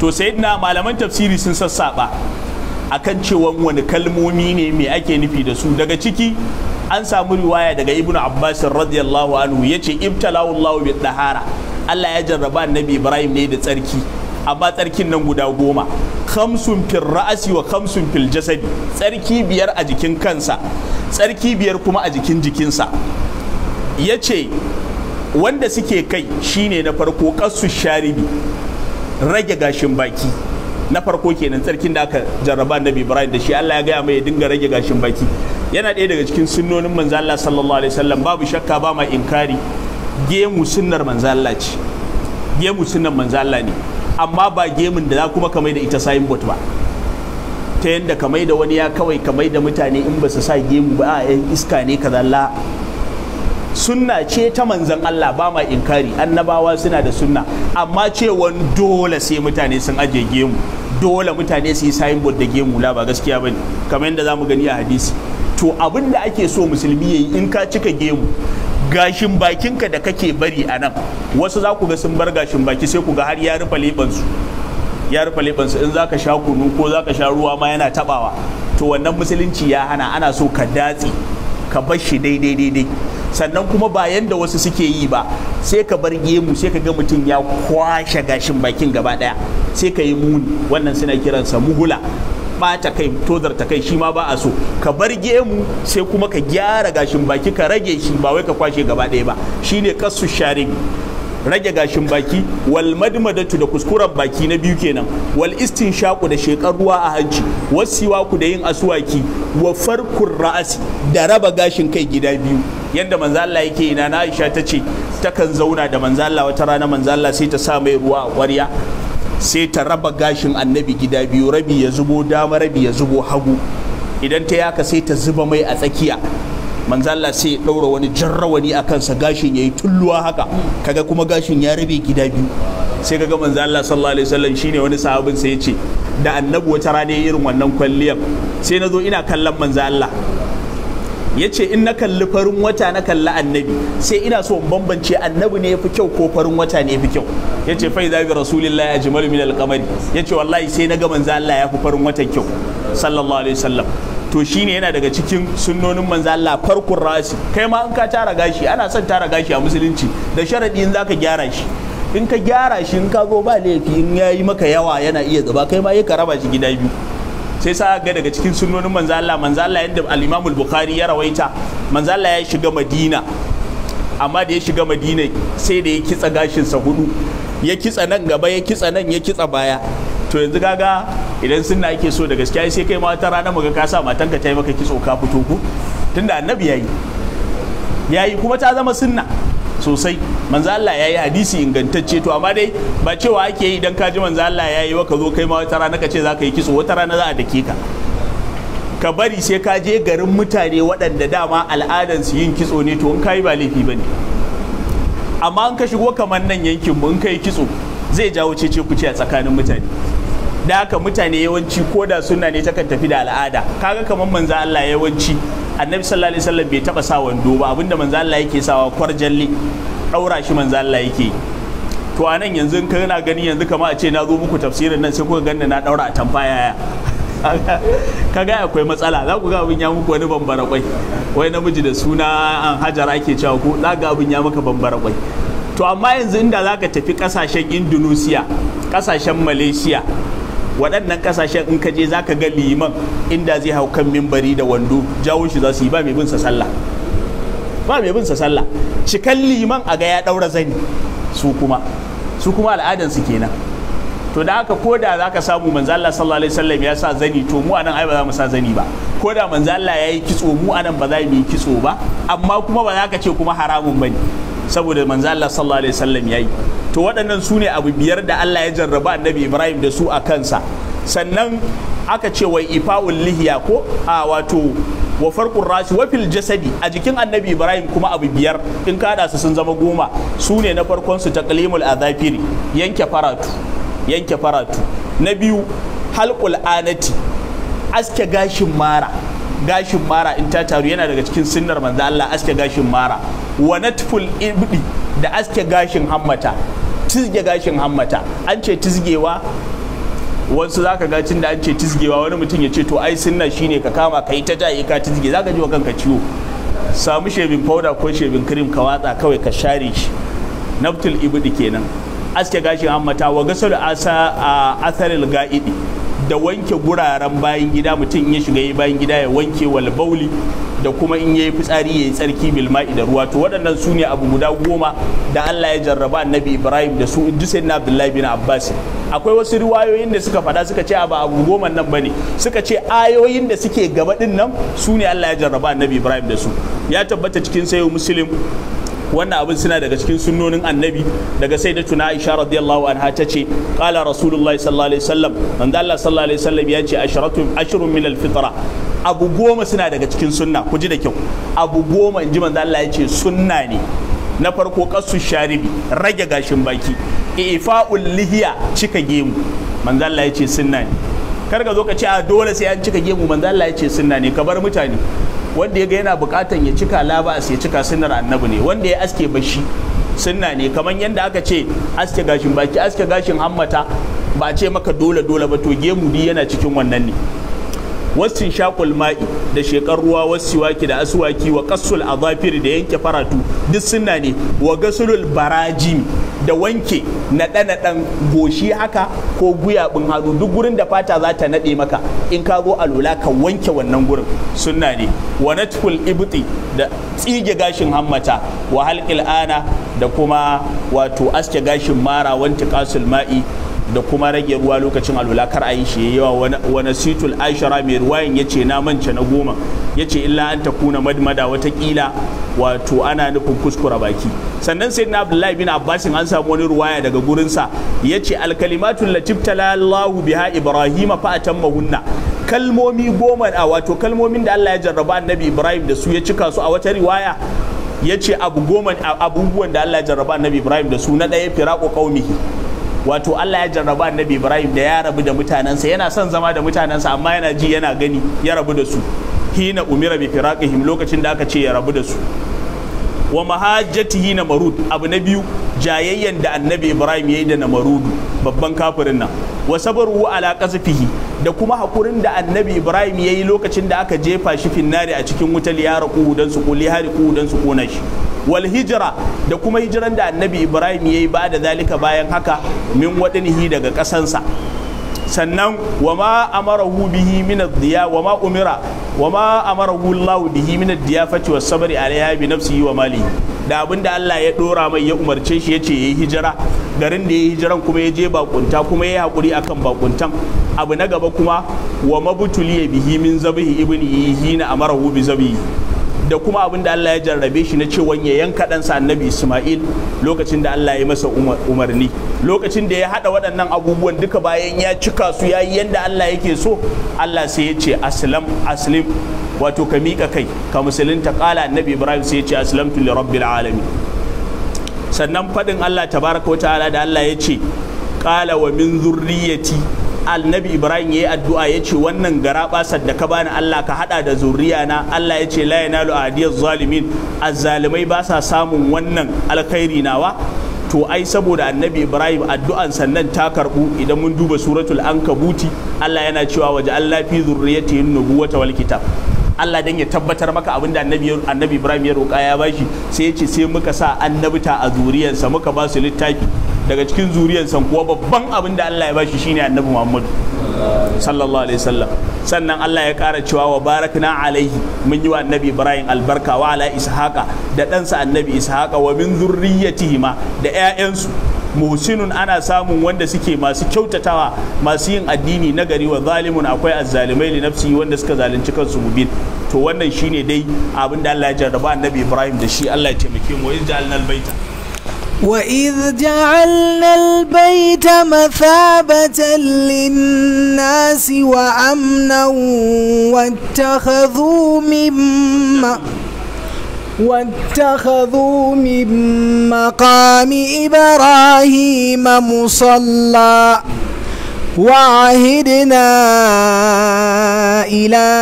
to sayyidina malaman tafsiri sun sassaba akan cewa wani kalmomi ne me ake nufi da su daga ciki an samu riwaya daga ibn abbas radiyallahu anhu yace ibtalahu allah bi dahara allah ya jarraba annabi ibrahim ne da tsarki amma tsarkin nan guda goma kamsun fil ra'asi wa kamsun fil jasadi tsarki biyar a jikin kansa tsarki biyar kuma a jikin jikinsa ya ce wanda suke kai shine na farko kasu sharibi rage gashin baki na farko kenan tsarkin da aka jarraba nabi ibrahim da shi allah ya gaya mai ya dinga rage gashin baki yana ɗaya daga cikin sunnonin manzo sallallahu alaihi wasallam babu shakka ba ma inkari gemu sunnar manzo ce gemu sunnar manzo ne amma ba gemin da za kuma kamai da ita signboard ba ta yadda kamai da wani ya kawai kamai da mutane in ba su sa gemu ba a yan iska ne ka zalla sunna ce ta manzan Allah ba ma inkari annabawa suna da sunna amma cewan dole sai mutane sun ajiye gemu dole mutane su yi signboard da gemu la ba gaskiya ba bane kamar yadda mu gani a hadisi to abin da ake so musulmi yayi in ka cika gemu gashin bakinka da kake bari a nan wasu za ku ga sun bar gashin baki sai ku ga har ya rufe leɓensu ya rufe leɓensu in za ka sha kunu ko za ka sha ruwa ma yana taɓawa to wannan musulunci ya hana ana so ka datse ka bar shi daidai daidai sannan kuma ba yanda wasu suke yi ba sai ka bar gemu sai ka ga mutum ya kwashe gashin bakin gaba daya sai ka yi muni wannan suna kiransa muhula ɓata kai tozar ta kai shi ma ba a so ka bar gemu sai kuma ka gyara gashin baki ka rage shi ba wai ka kwashe gaba ɗaya ba shine kasu sharing rage gashin baki wal madmadatu da kuskuren baki na biyu kenan wal shaku da shekar ruwa a hanci ku da yin asuwaki wa farkur ra'asi da raba gashin kai gida biyu yadda manzo Allah yake ina na Aisha ta ce takan zauna da manzo Allah wata rana manzo Allah sai ta sa mai ruwa a ƙwarya sai ta raba gashin annabi gida biyu rabi ya zubo dama rabi ya zubo hagu idan ta yaka sai ta zuba mai a tsakiya manzalla sai ya ɗaura wani jarrawani a kansa gashin ya yi tulluwa haka kaga kuma gashin ya rabe gida biyu sai kaga manzalla sallallahu alaihi wasallam shine wani sahabin ya ce da annabi wata rana irin wannan kwalliyar sai na zo ina kallon manzala. Allah ya ce in na kalli farin wata na kalli annabi sai ina so in bambance annabi ne yafi kyau ko farin wata ne yafi kyau ya ce fai idza bi ya ji min alkamari ya ce wallahi sai na gaban manzo ya yafi farin wata kyau sallallahu alaihi wasallam to shine yana daga cikin sunnonin manzo Allah farkun rasi kai ma in ka tara gashi ana son tara gashi a musulunci da sharadi in zaka gyara shi in ka gyara shi in ka zo ba laifi in ya yi maka yawa yana iya zuba kai ma ya ka raba shi gida biyu sai sa ga daga cikin sunnonin manzala Allah manzo Allah yadda al bukhari ya rawaita manzo Allah ya shiga Madina amma da ya shiga Madina sai da ya kitsa gashinsa sa hudu ya kitsa nan gaba ya kitsa nan ya kitsa baya to yanzu gaga idan sunna ake so da gaskiya sai kai ma wata rana muga ka sa matanka ta yi maka kitso ka fito ku tunda annabi yayi yayi kuma ta zama sunna sosai manzo Allah yayi hadisi ingantacce to amma dai ba cewa ake yi idan kaji ji manzo Allah yayi wa ka zo kai ma wata rana ka ce za yi kitso wata rana za a dake ka ka bari sai ka je garin mutane waɗanda dama al'adansu yin kitso ne to in kai ba laifi ba ne amma in ka shigo kaman nan yankin mu in ka yi kitso zai jawo cece kuce a tsakanin mutane da haka mutane yawanci ko da sunna ne takan tafi da al'ada kaga kamar manzo Allah yawanci annabi sallallahu alaihi wasallam bai taba sa wando ba abinda manzo Allah yake sawa kwarjalle daura shi manzo Allah yake to anan nan yanzu kana gani yanzu kamar a ce na zo muku tafsirin nan sai kuka ganna na daura a tamfaya kaga akwai matsala za ku ga abin ya muku wani bambara kwai wai namiji da suna an hajara ake cewa ko za ga abin ya maka bambara kwai to amma yanzu inda za ka tafi kasashen indonesia kasashen malaysia waɗannan kasashen in ka je za ka ga liman inda zai hau kan mimbari da wando jawo shi za su yi ba mai bin sallah ba mai bin sallah cikan liman a ga ya ɗaura zani su kuma su kuma su kenan to da haka ko da zaka samu manzo Allah sallallahu alaihi wasallam ya sa zani to mu anan ai ba za mu sa zani ba ko da manzo Allah yayi kitso mu anan ba za mu yi kitso ba amma kuma ba za ka ce kuma haramun bane saboda manzo Allah sallallahu alaihi wasallam yayi to waɗannan su ne abu biyar da Allah ya jarraba annabi Ibrahim da su a kansa sannan aka ce wai ifa'ul lihiya ko a wato wa farkun Rashi wa fil jasadi a jikin annabi Ibrahim kuma abu biyar in kada su sun zama goma su ne na farkon su ta taqlimul azafiri yanke faratu yanke faratu na biyu halqul anati aske gashin mara gashin mara in ta taru yana daga cikin sunnar manzo Allah aske gashin mara wa natful ibdi da aske gashin hammata tizge gashin hammata an ce tizgewa wasu zaka ga tunda da an ce tizgewa wani mutum ya ce to ai sunna shine ka kama kai ta jaye ka tizge zaka ji wa kanka ciwo samu shebin powder ko shebin cream ka watsa kawai ka share shi naftul ibdi kenan aske gashin hammata wa gasul asa asaril ga'idi da wanke guraren bayan gida mutum ya shiga ya bayan gida ya wanke wal bauli da kuma in yayi fitsari yayi tsarki bilma'i ma'i da ruwa to waɗannan su ne abu guda goma da Allah ya jarraba annabi Ibrahim da su in sayyidina Abdullahi bin Abbas akwai wasu riwayoyin da suka faɗa suka ce ba abu goma nan bane suka ce ayoyin da suke gaba din su ne Allah ya jarraba annabi Ibrahim da su ya tabbata cikin sayo muslim wannan abin suna daga cikin sunnonin annabi daga sai da tuna aisha radiyallahu anha ta ce kala rasulullahi sallallahu alaihi wasallam manzo Allah sallallahu alaihi wasallam ya ce asharatu ashrun min alfitra abu goma suna daga cikin sunna ku ji da kyau abu goma inji manzo Allah ya ce sunna ne na farko kasu sharibi rage gashin baki ifa'ul lihiya cika gemu manzo Allah ya ce sunna ne kar ka zo ka ce a dole sai an cika gemu manzo Allah ya ce sunna ne ka bar mutane wanda ya ga yana bukatan ya cika labas ya cika sunar annabi ne wanda ya aske bashi sunna ne kamar yadda aka ce aske gashin baki aske gashin hammata ba ce maka dole dole ba to gemu di yana cikin wannan ne wasu shakul ma'i da shekar ruwa wasiwaki da asuwaki wa kasul azafir da yanke faratu duk sunna ne wa gasulul barajimi da wanke naɗe-naɗen goshi haka ko guyaɓin hannu duk gurin da fata za ta naɗe maka in ka zo alula ka wanke wannan gurin sunna ne wa natful ibti da tsige gashin hammata wa halqil da kuma wato aske gashin mara wanti qasul ma'i da kuma rage ruwa lokacin alwala kar a yi shi yawa wani situl aishara mai ruwayan ya ce na mance na goma ya ce illa an ta kuna madmada watakila wato ana nufin kuskura baki sannan sai na abdullahi bin abbasin an samu wani ruwaya daga gurinsa ya ce alkalimatul latif Talalahu biha ibrahima fa hunna kalmomi goma a wato kalmomin da Allah ya jarraba annabi ibrahim da su ya cika su a wata riwaya ya ce abu goma abubuwan da Allah ya jarraba annabi ibrahim da su na ɗaya firaku qaumihi wato Allah ya jarraba annabi Ibrahim da ya rabu da mutanensa yana son zama da mutanensa amma yana ji yana gani ya rabu da su hina umira bi firaqihim lokacin da aka ce ya rabu da su wa mahajjatihi na marud abu na biyu jayayyan da annabi ibrahim yayi yi da namarudu babban kafirin nan wa sabaru ala qazfihi da kuma hakurin da annabi ibrahim yayi lokacin da aka jefa shi finnari a cikin wutar ya raku dan su kuli hari ku dan su kona shi wal hijira da kuma hijiran da annabi ibrahim yayi ba da zalika bayan haka min hi daga kasansa sannan wa ma amarahu bihi min diya wa ma umira wa ma hu Allah bihi min diya was sabri alaiha bi nafsihi wa mali da abin da Allah ya dora mai ya umarce shi ya yace yayi hijira garin da yayi hijiran kuma ya je bakunta kuma ya yi hakuri akan bakuntan abu na gaba kuma wa mabutuli bihi min zabihi yi hina hu bi zabihi da kuma abin da Allah ya jarrabe shi na cewa ya yanka ɗansa annabi Ismail lokacin da Allah ya masa umarni lokacin da ya haɗa waɗannan abubuwan duka bayan ya cika su ya yi yadda Allah yake so Allah sai ya ce aslam aslim wato ka miƙa kai ka musulunta ƙala annabi Ibrahim sai ya ce aslamtu li rabbil alamin sannan faɗin Allah tabaraka wa ta'ala da Allah ya ce ƙala wa min zurriyati annabi ibrahim ya yi addu'a ya ce wannan gara basar da ka bani allah ka hada da zuriya na allah ya ce la na lu'adiyar zalimin azzalimai ba sa samun wannan alkhairi nawa to ai saboda annabi ibrahim addu'an sannan ta karbu idan mun duba suratul ankabuti allah yana cewa waje allah fi zurriyati nubuwata wal kitab allah dan ya tabbatar maka abin da annabi ibrahim ya roƙa ya bashi sai ya ce sai muka sa annabta a zuriyarsa muka ba su littafi daga cikin zuriyarsa kuwa babban abin da Allah ya bashi shine annabi Muhammad sallallahu alaihi wasallam sannan Allah ya kara cewa wa barakna alaihi mun yi wa annabi Ibrahim albarka wa ala ishaqa da ɗansa annabi ishaqa wa min ma. da ƴaƴansu muhsinun ana samun wanda suke masu kyautatawa masu yin addini na gari wa zalimun akwai azzalimai li nafsi wanda suka zalunci kansu mubin to wannan shine dai abin da Allah ya jarraba annabi Ibrahim da shi Allah ya taimake mu wa ja'alnal baita وإذ جعلنا البيت مثابة للناس وأمنا واتخذوا من واتخذوا من مقام إبراهيم مصلى وعهدنا إلى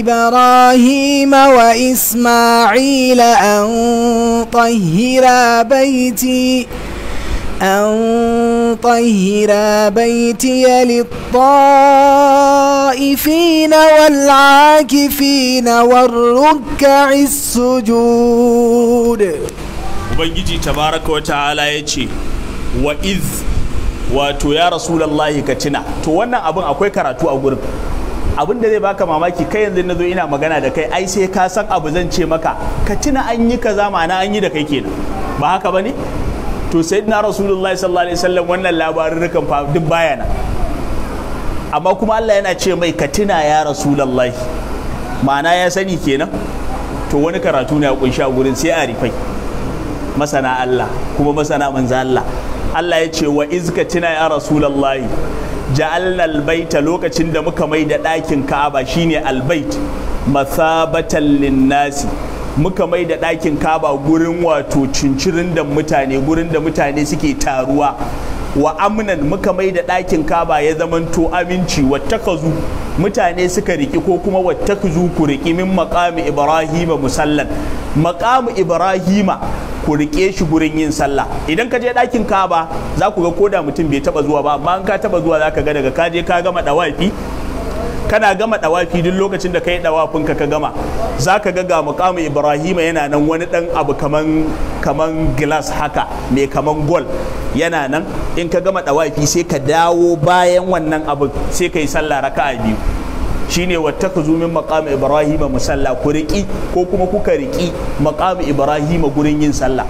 إبراهيم وإسماعيل أن طهر بيتي أن طهر بيتي للطائفين والعاكفين والركع السجود وبنجي تبارك وتعالى يجي وإذ wato ya rasulallahi ka tuna to wannan abin akwai karatu a gurin abin da zai baka mamaki kai yanzu na zo ina magana da kai ai sai ka san abu zan ce maka ka tuna an yi kaza ma'ana an yi da kai kenan ba haka bane to na rasulullahi sallallahu alaihi wasallam wannan labarin fa duk bayana amma kuma Allah yana ce mai ka tuna ya rasulullahi ma'ana ya sani kenan to wani karatu ne ya kunshi a gurin sai a rifai masana Allah kuma masana manzo Allah Allah ya ce wa izka tina ya rasulallahi ja'alna albaita lokacin da muka mai da ɗakin ka'aba shine albait masabatan linnasi muka mai da ɗakin ka'aba gurin wato cincirin da mutane gurin da mutane suke taruwa wa amnan muka mai da ɗakin kaba ya zamanto aminci wattakazu mutane suka riki ko kuma wattakazu ku riki min maƙami ibrahima musallan maƙamu ibrahima ku riƙe shi gurin yin sallah idan ka je ɗakin kaba za ku ga koda mutum bai taba zuwa ba amma in ka taba zuwa za ka ga daga ka je ka gama dawafi kana gama dawafi duk lokacin da kai dawafin ka ka gama za ka ga ga mukamu ibrahima yana nan wani dan abu kaman kaman glass haka mai kaman gol yana nan in ka gama dawafi sai ka dawo bayan wannan abu sai ka yi sallah raka'a biyu shine wattakhudhu min maqami ibrahima musalla ku riki ko kuma kuka riki maqami ibrahima gurin yin sallah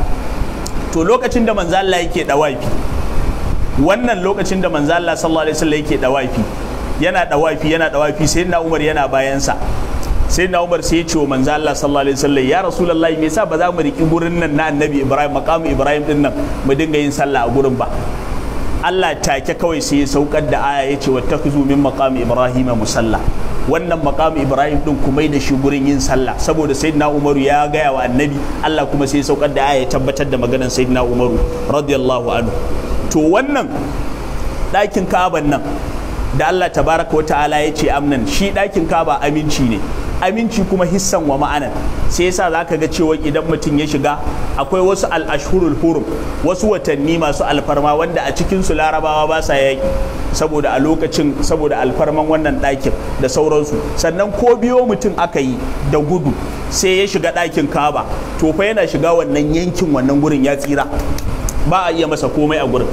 to lokacin da manzo Allah yake dawafi wannan lokacin da manzo Allah sallallahu alaihi wasallam yake dawafi yana dawafi yana dawafi sai na Umar yana bayansa sai na Umar sai ya ce wa manzo Allah sallallahu alaihi wasallam ya rasulullahi me yasa ba za mu riƙi gurin nan na annabi Ibrahim maqami Ibrahim din nan mu dinga yin sallah a gurin ba Allah take kawai sai ya saukar da aya wa wattakhudhu min maqami ibrahima musalla wannan maqami ibrahim din kuma da shi gurin yin sallah saboda sayyidina umaru ya gaya wa annabi Allah kuma sai ya saukar da aya ya tabbatar da maganar sayyidina umaru radiyallahu anhu to wannan ɗakin ka'aban nan da Allah tabaraka wata'ala ya ce amnan shi ɗakin ba aminci ne aminci kuma hissan wa ma'anar sai yasa za ka ga cewa idan mutum ya shiga akwai wasu al'ashurul hurum wasu watanni masu alfarma wanda a cikin su larabawa ba sa yaƙi saboda a lokacin saboda alfarman wannan ɗakin da sauransu sannan ko biyo mutum aka yi da gudu sai ya shiga ɗakin kaba to fa yana shiga wannan yankin wannan gurin ya tsira ba a iya masa komai a gurin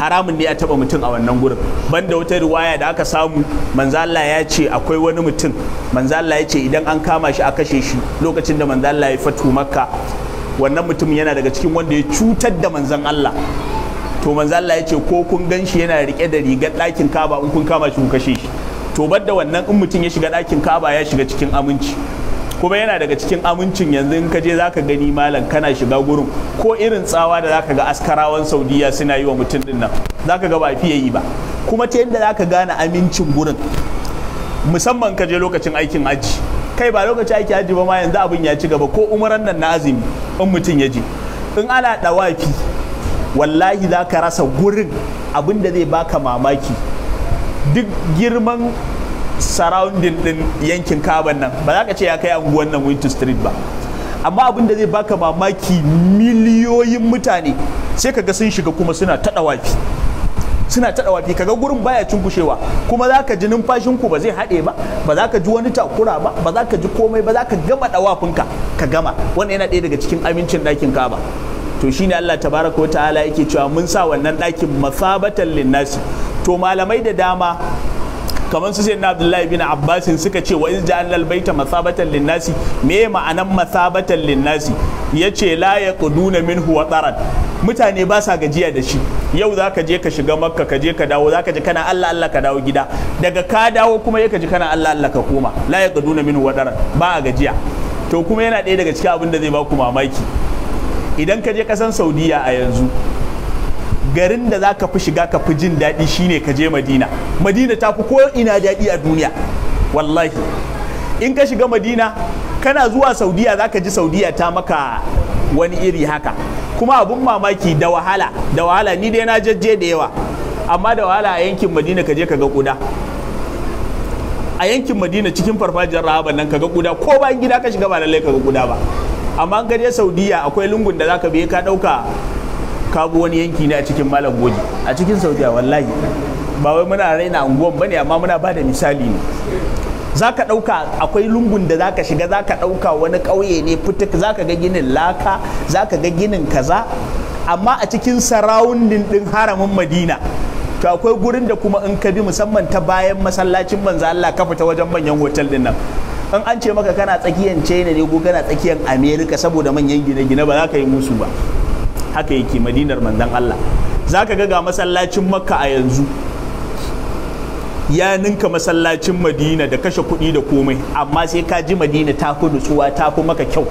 haramun ne a taba mutum a wannan gurin banda wata riwaya da aka samu manzala ya ce akwai wani mutum manzala ya ce idan an kama shi a kashe shi lokacin da manzala ya fatu makka wannan mutum yana daga cikin wanda ya cutar da manzan Allah to manzala ya ce ko kun gan shi yana rike da rigar ɗakin kaba in kun kama shi kun kashe shi to da wannan in mutum ya shiga ɗakin kaba ya shiga cikin aminci kuma yana daga cikin amincin yanzu in ka je zaka gani malam kana shiga gurin ko irin tsawa da zaka ga askarawan saudiya suna yi wa mutum din nan zaka ga ba fiye yi ba kuma ta yadda zaka gane amincin gurin musamman ka je lokacin aikin aji kai ba lokacin aikin aji ba ma yanzu abin ya ci gaba ko umaran nan na azumi in mutum ya je in ana dawafi wallahi zaka rasa gurin abin da zai baka mamaki duk girman surrounding din yankin kaban nan ba za ka ce ya kai anguwan nan winter street ba amma abin da zai baka mamaki miliyoyin mutane sai ka ga sun shiga kuma suna ta dawafi suna ta dawafi kaga gurin baya cunkushewa kuma za ka ji numfashinku ba zai haɗe ba ba za ka ji wani takura ba ba za ka ji komai ba za ka gama ɗawafinka ka gama wannan yana ɗaya daga cikin amincin ɗakin kaba to shine Allah tabaraka wa ta'ala yake cewa mun sa wannan ɗakin masabatan linnasi to malamai da dama kamar su sayyidina abdullahi bin abbas suka ce wa izja annal baita masabatan linnasi me ma'anan masabatan linnasi yace la yaquduna minhu wa tarat mutane ba sa gajiya da shi yau za ka je ka shiga makka ka je ka dawo za ka ji kana allah allah ka dawo gida daga ka dawo kuma ya ji kana allah allah ka koma la yaquduna minhu wa tarat ba a gajiya to kuma yana ɗaya daga cikin abin da zai ba ku mamaki idan ka je kasan saudiya a yanzu garin da za ka fi shiga ka fi jin daɗi shine ka je madina madina ta fi ko ina daɗi a duniya wallahi in ka shiga madina kana zuwa saudiya za ka ji saudiya ta maka wani iri haka kuma abun mamaki da wahala da wahala ni dai na jajje da yawa amma da wahala a yankin madina ka je ka ga kuda a yankin madina cikin farfajiyar rahaban nan ka ga kuda ko bayan gida ka shiga ba lallai ka ga kuda ba amma an je saudiya akwai lungun da za zaka biye ka ɗauka. kago wani yanki ne a cikin malam goji a cikin saudiya wallahi ba wai muna raina unguwan ba ne amma muna ba da misali ne za ka ɗauka akwai lungun da za ka shiga za ka ɗauka wani ƙauye ne fitik za ka ga ginin laka za ka ga ginin kaza amma a cikin sarawundin ɗin haramin madina to akwai gurin da kuma in ka bi musamman ta bayan masallacin manzo Allah ka fita wajen manyan hotel din nan in an ce maka kana tsakiyan china ne ko kana tsakiyan america saboda manyan gine-gine ba za ka yi musu ba haka yake madinar mandan Allah zaka ka ga masallacin makka a yanzu ya ninka masallacin madina da kashe kuɗi da komai amma sai ka ji madina ta fi nutsuwa ta fi maka kyau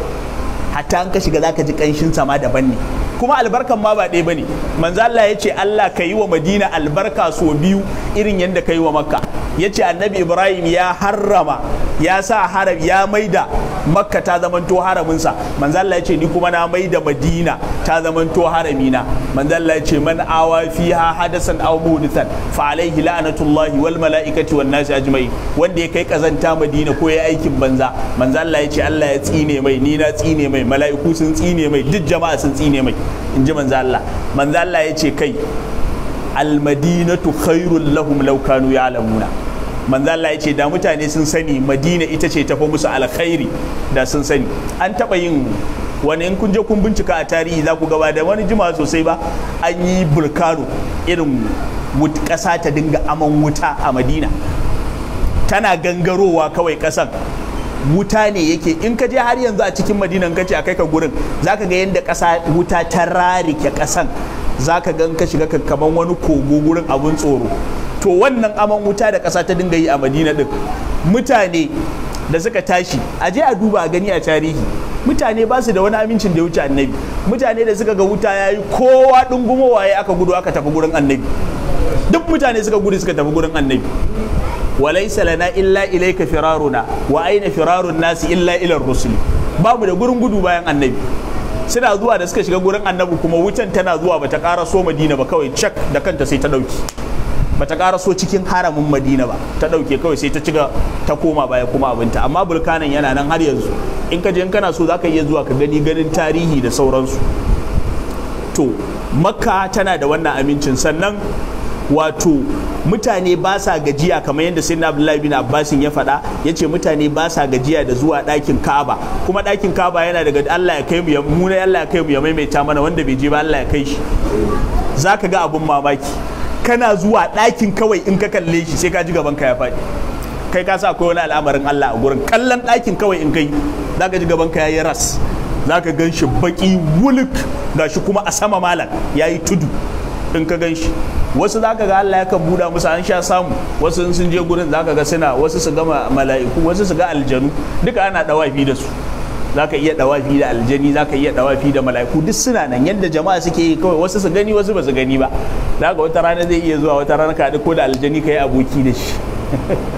hatta an ka shiga zaka ji ƙanshin sama daban ne kuma albarkan ma ba ɗaya bane manzo Allah ya Allah ka yi wa Madina albarka so biyu irin yadda ka yi wa Makka Yace annabi Ibrahim ya harrama ya sa haram ya maida Makka ta zamanto haraminsa manzo Allah ya ni kuma na maida Madina ta zamanto haramina manzo Allah ya ce man awa fiha hadasan aw muhdithan fa alaihi la'natullahi wal mala'ikati wan nasi ajma'in wanda ya kai kazanta Madina ko ya aikin banza manzo Allah ya Allah ya tsine mai ni na tsine mai mala'iku sun tsine mai duk jama'a sun tsine mai in ji manzo Allah ya ce kai almadinatu khairul lahum law kanu ya'lamuna manzo ya ce da mutane sun sani madina ita ce tafi musu alkhairi da sun sani an taba yin wani in kun je kun bincika a tarihi za ku gaba da wani jima sosai ba an yi bulkano irin ƙasa ta dinga aman wuta a madina tana gangarowa kawai ƙasan wuta ne yake in ka je har yanzu a cikin madinan kace ce a kai ka gurin zaka ga yadda ƙasa wuta ta rarike ƙasan zaka ga ka shiga kaman wani kogo gurin abun tsoro to wannan aman wuta da ƙasa ta dinga yi a madina din mutane da suka tashi a je a duba a gani a tarihi mutane ba su da wani amincin da ya wuce annabi mutane da suka ga wuta ya yi kowa ɗungumo waye aka gudu aka tafi gurin annabi duk mutane suka gudu suka tafi gurin annabi walaysa lana illa ilayka firaruna wa aina firarun nasi illa ila rusul babu da gurin gudu bayan annabi suna zuwa da suka shiga gurin annabi kuma wutan tana zuwa bata kara so madina ba kawai cak da kanta sai ta dauki bata kara so cikin haramin madina ba ta dauke kawai sai ta ciga ta koma baya kuma abinta amma bulkanan yana nan har yanzu in ka je in kana so zaka iya zuwa ka gani ganin tarihi da sauransu to makka tana da wannan amincin sannan wato mutane ba sa gajiya kamar yadda sai na abdullahi bin abbasin ya faɗa ya ce mutane ba sa gajiya da zuwa ɗakin kaba kuma ɗakin kaba yana daga allah ya kai mu muna allah ya kai mu ya maimaita mana wanda bai je ba allah ya kai shi za ka ga abun mamaki kana zuwa ɗakin kawai in ka kalle shi sai ka ji gaban ka ya faɗi kai ka sa akwai wani al'amarin allah a gurin kallon ɗakin kawai in kai za ka ji gaban ka ya yi ras za ka gan shi baƙi wuluk gashi kuma a sama malam ya yi tudu in ka gan shi wasu za ka ga Allah ya ka buɗa musu an sha samu wasu sun je gurin za ka ga suna wasu su gama mala'iku wasu su ga aljanu duka ana dawafi da su za ka iya dawafi da aljani za ka iya dawafi da mala'iku duk suna nan yadda jama'a suke yi kawai wasu su gani wasu ba su gani ba za ka wata rana zai iya zuwa wata rana ka ko da aljani ka yi aboki da shi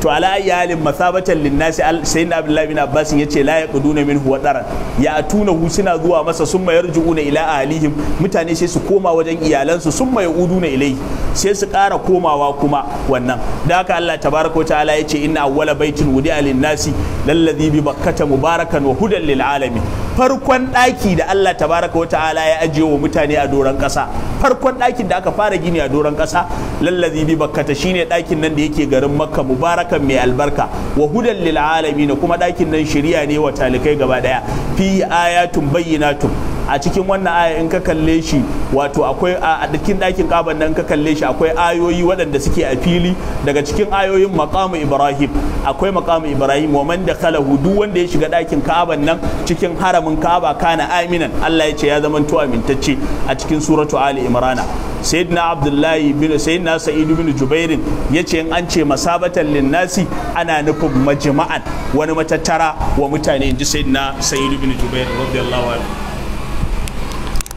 to ala ayyalin masabatan linnasi sayyidina abdullahi bin abbas ya ce la yaquduna minhu wadaran ya atuna hu suna zuwa masa summa yarjuuna ila alihim mutane sai su koma wajen iyalansu sun summa yauduna ilai sai su ƙara komawa kuma wannan da haka Allah tabaraka ta'ala ya ce inna awwala baitin wudi linnasi lalladhi bi bakkata mubarakan wa hudan lil alamin farkon ɗaki da Allah tabaraka ta'ala ya ajiye wa mutane a doron kasa farkon ɗakin da aka fara gini a doron kasa lalladhi bi bakkata shine ɗakin nan da yake garin makka mubarak ɗakan mai albarka wa hudan lil alamin kuma dakin nan shari'a ne wa talikai gaba daya fi ayatun bayyinatun a cikin wannan aya in ka kalle shi wato akwai a cikin dakin kaban nan ka kalle shi akwai ayoyi waɗanda suke a fili daga cikin ayoyin maqamu ibrahim akwai maqamu ibrahim wa man dakhalahu duk wanda ya shiga ɗakin kaban nan cikin haramin kaba kana aminan Allah ya ce ya zamanto amintacce a cikin suratu ali imrana sayyidina abdullahi bin sayyidina sa'idu bin jubairin ya ce an ce masabatan linnasi ana nufin majma'an wani matattara wa mutane inji sayyidina sa'idu bin jubairin radiyallahu anhu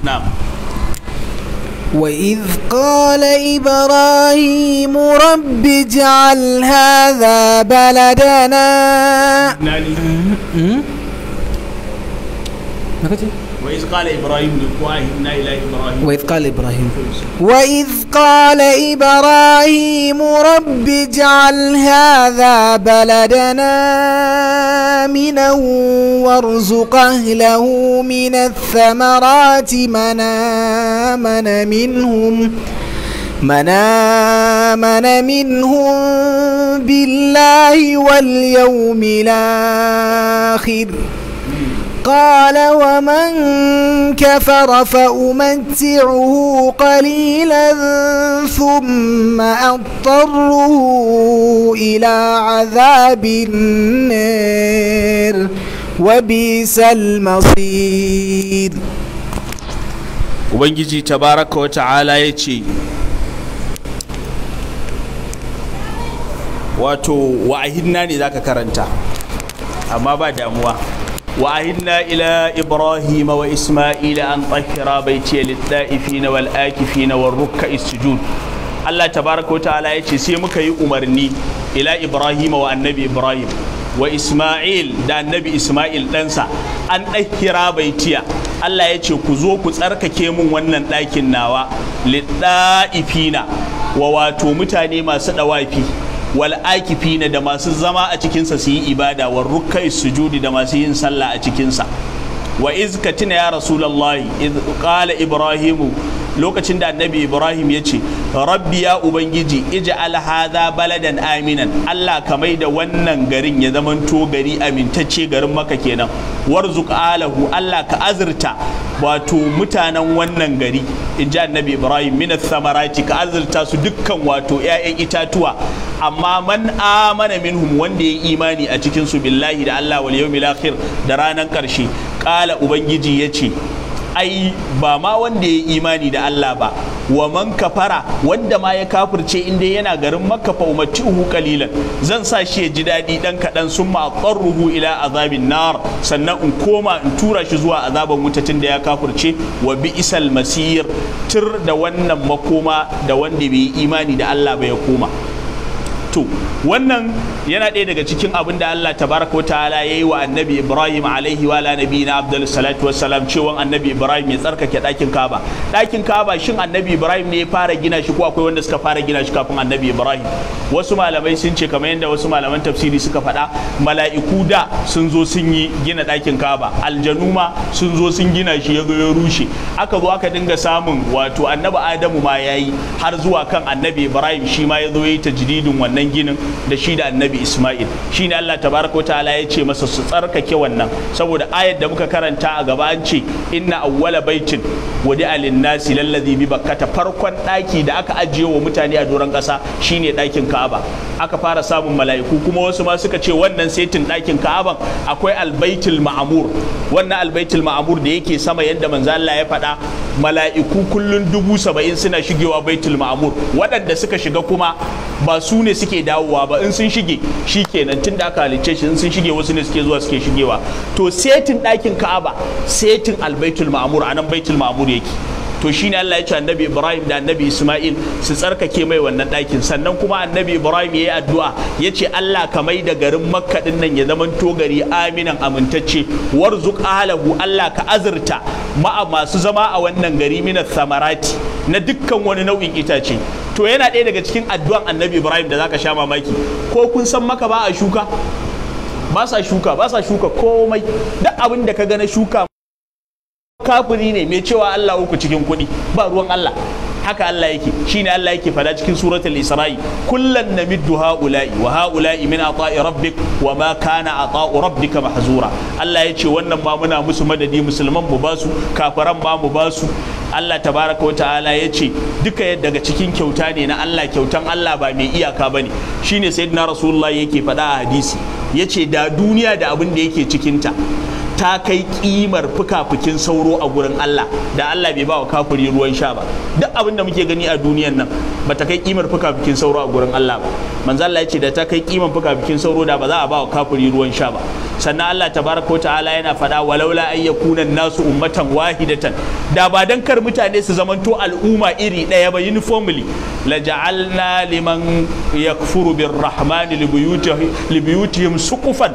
na'am وإذ قال إبراهيم رب اجعل هذا بلدنا وإذ قال إبراهيم إنا إلى إبراهيم وإذ قال إبراهيم وإذ قال إبراهيم رب اجعل هذا بلدنا آمنا وارزق أهله من الثمرات من آمن منهم من آمن منهم بالله واليوم الآخر قال ومن كفر فأمتعه قليلا ثم أضطره إلى عذاب النار وبئس المصير ubangiji tabaraka wa ta'ala ya ce wato wa'ahinna ne zaka karanta amma ba damuwa وعهدنا إلى إبراهيم وإسماعيل أن طهر بيتي للطائفين والآكفين والركع السجود الله تبارك وتعالى يتي سيمك يؤمرني إلى إبراهيم والنبي إبراهيم وإسماعيل دا النبي إسماعيل دنسا أن طهر بيتي الله يتي كزوك تركك من ونن لكن ناوا للطائفين وواتو متاني ما سدوافي wal akifina da masu zama a cikinsa su yi ibada wa rukai sujudi da masu yin sallah a cikinsa wa iz ka tuna ya rasulallahi iz qala ibrahimu lokacin da annabi ibrahim ya ce rabbi ya ubangiji ija alhaza baladan aminan allah ka da wannan garin ya zamanto gari amintacce garin maka kenan warzuk alahu allah ka azurta wato mutanen wannan gari in ji annabi ibrahim minas samarati ka azurta su dukkan wato 'ya'yan itatuwa amma man amana minhum wanda ya imani a cikin su billahi da allah wal yawmil akhir da ranar karshe kala ubangiji ya ce ai ba ma wanda ya imani da Allah ba wa man kafara wanda ma ya kafirce inda yana garin makka fa umatihu qalilan zan sa shi ya ji dadi dan kadan summa ruhu ila azabin nar sannan in koma in tura shi zuwa azaban wuta tunda ya kafirce wa bi isal masir tir da wannan makoma da wanda bai imani da Allah ba ya koma to wannan yana ɗaya daga cikin abin da Allah tabaraka wa ta'ala yi wa annabi Ibrahim alaihi wa ala na abdul salatu salam cewa annabi Ibrahim ya tsarkake ɗakin Kaaba ɗakin Kaaba shin annabi Ibrahim ne ya fara gina shi ko akwai wanda suka fara gina shi kafin annabi Ibrahim wasu malamai sun ce kamar yadda wasu malaman tafsiri suka faɗa mala'iku da sun zo sun yi gina ɗakin Kaaba aljanu ma sun zo sun gina shi ya ya rushe aka zo aka dinga samun wato annabi Adamu ma yayi har zuwa kan annabi Ibrahim shi ma ya zo yayi tajdidin wannan wannan ginin da shi da annabi Ismail shi ne Allah tabaraka wa ta'ala ya ce masa su tsarkake wannan saboda ayar da muka karanta a gaba an ce inna awwala baitin wadi alin nasi lallazi bi bakkata farkon daki da aka ajiye wa mutane a doron kasa shine dakin Ka'aba aka fara samun mala'iku kuma wasu ma suka ce wannan setin dakin Ka'aban akwai albaitul ma'amur wannan albaitul ma'amur da yake sama yadda manzo Allah ya faɗa mala'iku kullun dubu saba'in suna shigewa baitul ma'amur waɗanda suka shiga kuma ba su ne suke suke dawowa ba in sun shige shi kenan tun da aka halicce shi in sun shige wasu ne suke zuwa suke shigewa to setin ɗakin ka'aba setin albaitul ma'amur anan baitul ma'amur yake to shine Allah ya ce annabi Ibrahim da annabi Ismail su tsarkake mai wannan ɗakin sannan kuma annabi Ibrahim ya yi addu'a ya ce Allah ka mai da garin Makka din nan ya zama to gari aminan amintacce warzuk ahlahu Allah ka azurta ma'a masu zama a wannan gari minas samarati na dukkan wani nau'in itace to yana ɗaya daga cikin addu'an annabi Ibrahim da zaka sha mamaki ko kun san maka ba a shuka ba sa shuka ba sa shuka komai duk abin da ka ga na shuka kafiri ne mai cewa Allah uku cikin kuɗi ba ruwan Allah haka Allah yake shine Allah yake fada cikin suratul Isra'i kullan namiddu haula'i wa haula'i min ata'i rabbik wa ma kana ata'u rabbika mahzura Allah yace wannan ba muna musu madadi musulman mu basu kafaran ba mu basu Allah tabaraka wa ta'ala yace duka daga cikin kyauta ne na Allah kyautan Allah ba mai iyaka bane shine sayyidina rasulullahi yake fada a hadisi yace da duniya da abin da yake cikinta ta kai kimar fuka sauro a gurin Allah da Allah bai ba wa kafiri ruwan sha ba duk abin da muke gani a duniyar nan ba ta kai kimar fuka-fukin sauro a gurin Allah ba manzo Allah ya ce da ta kai kimar fuka sauro da ba za a ba wa kafiri ruwan sha ba sannan Allah tabaraka ta'ala yana faɗa walaula laula yakuna nasu ummatan wahidatan da ba dan kar mutane su zamanto al'umma iri daya ba uniformly la ja'alna liman yakfuru birrahmani libuyutihim suqufan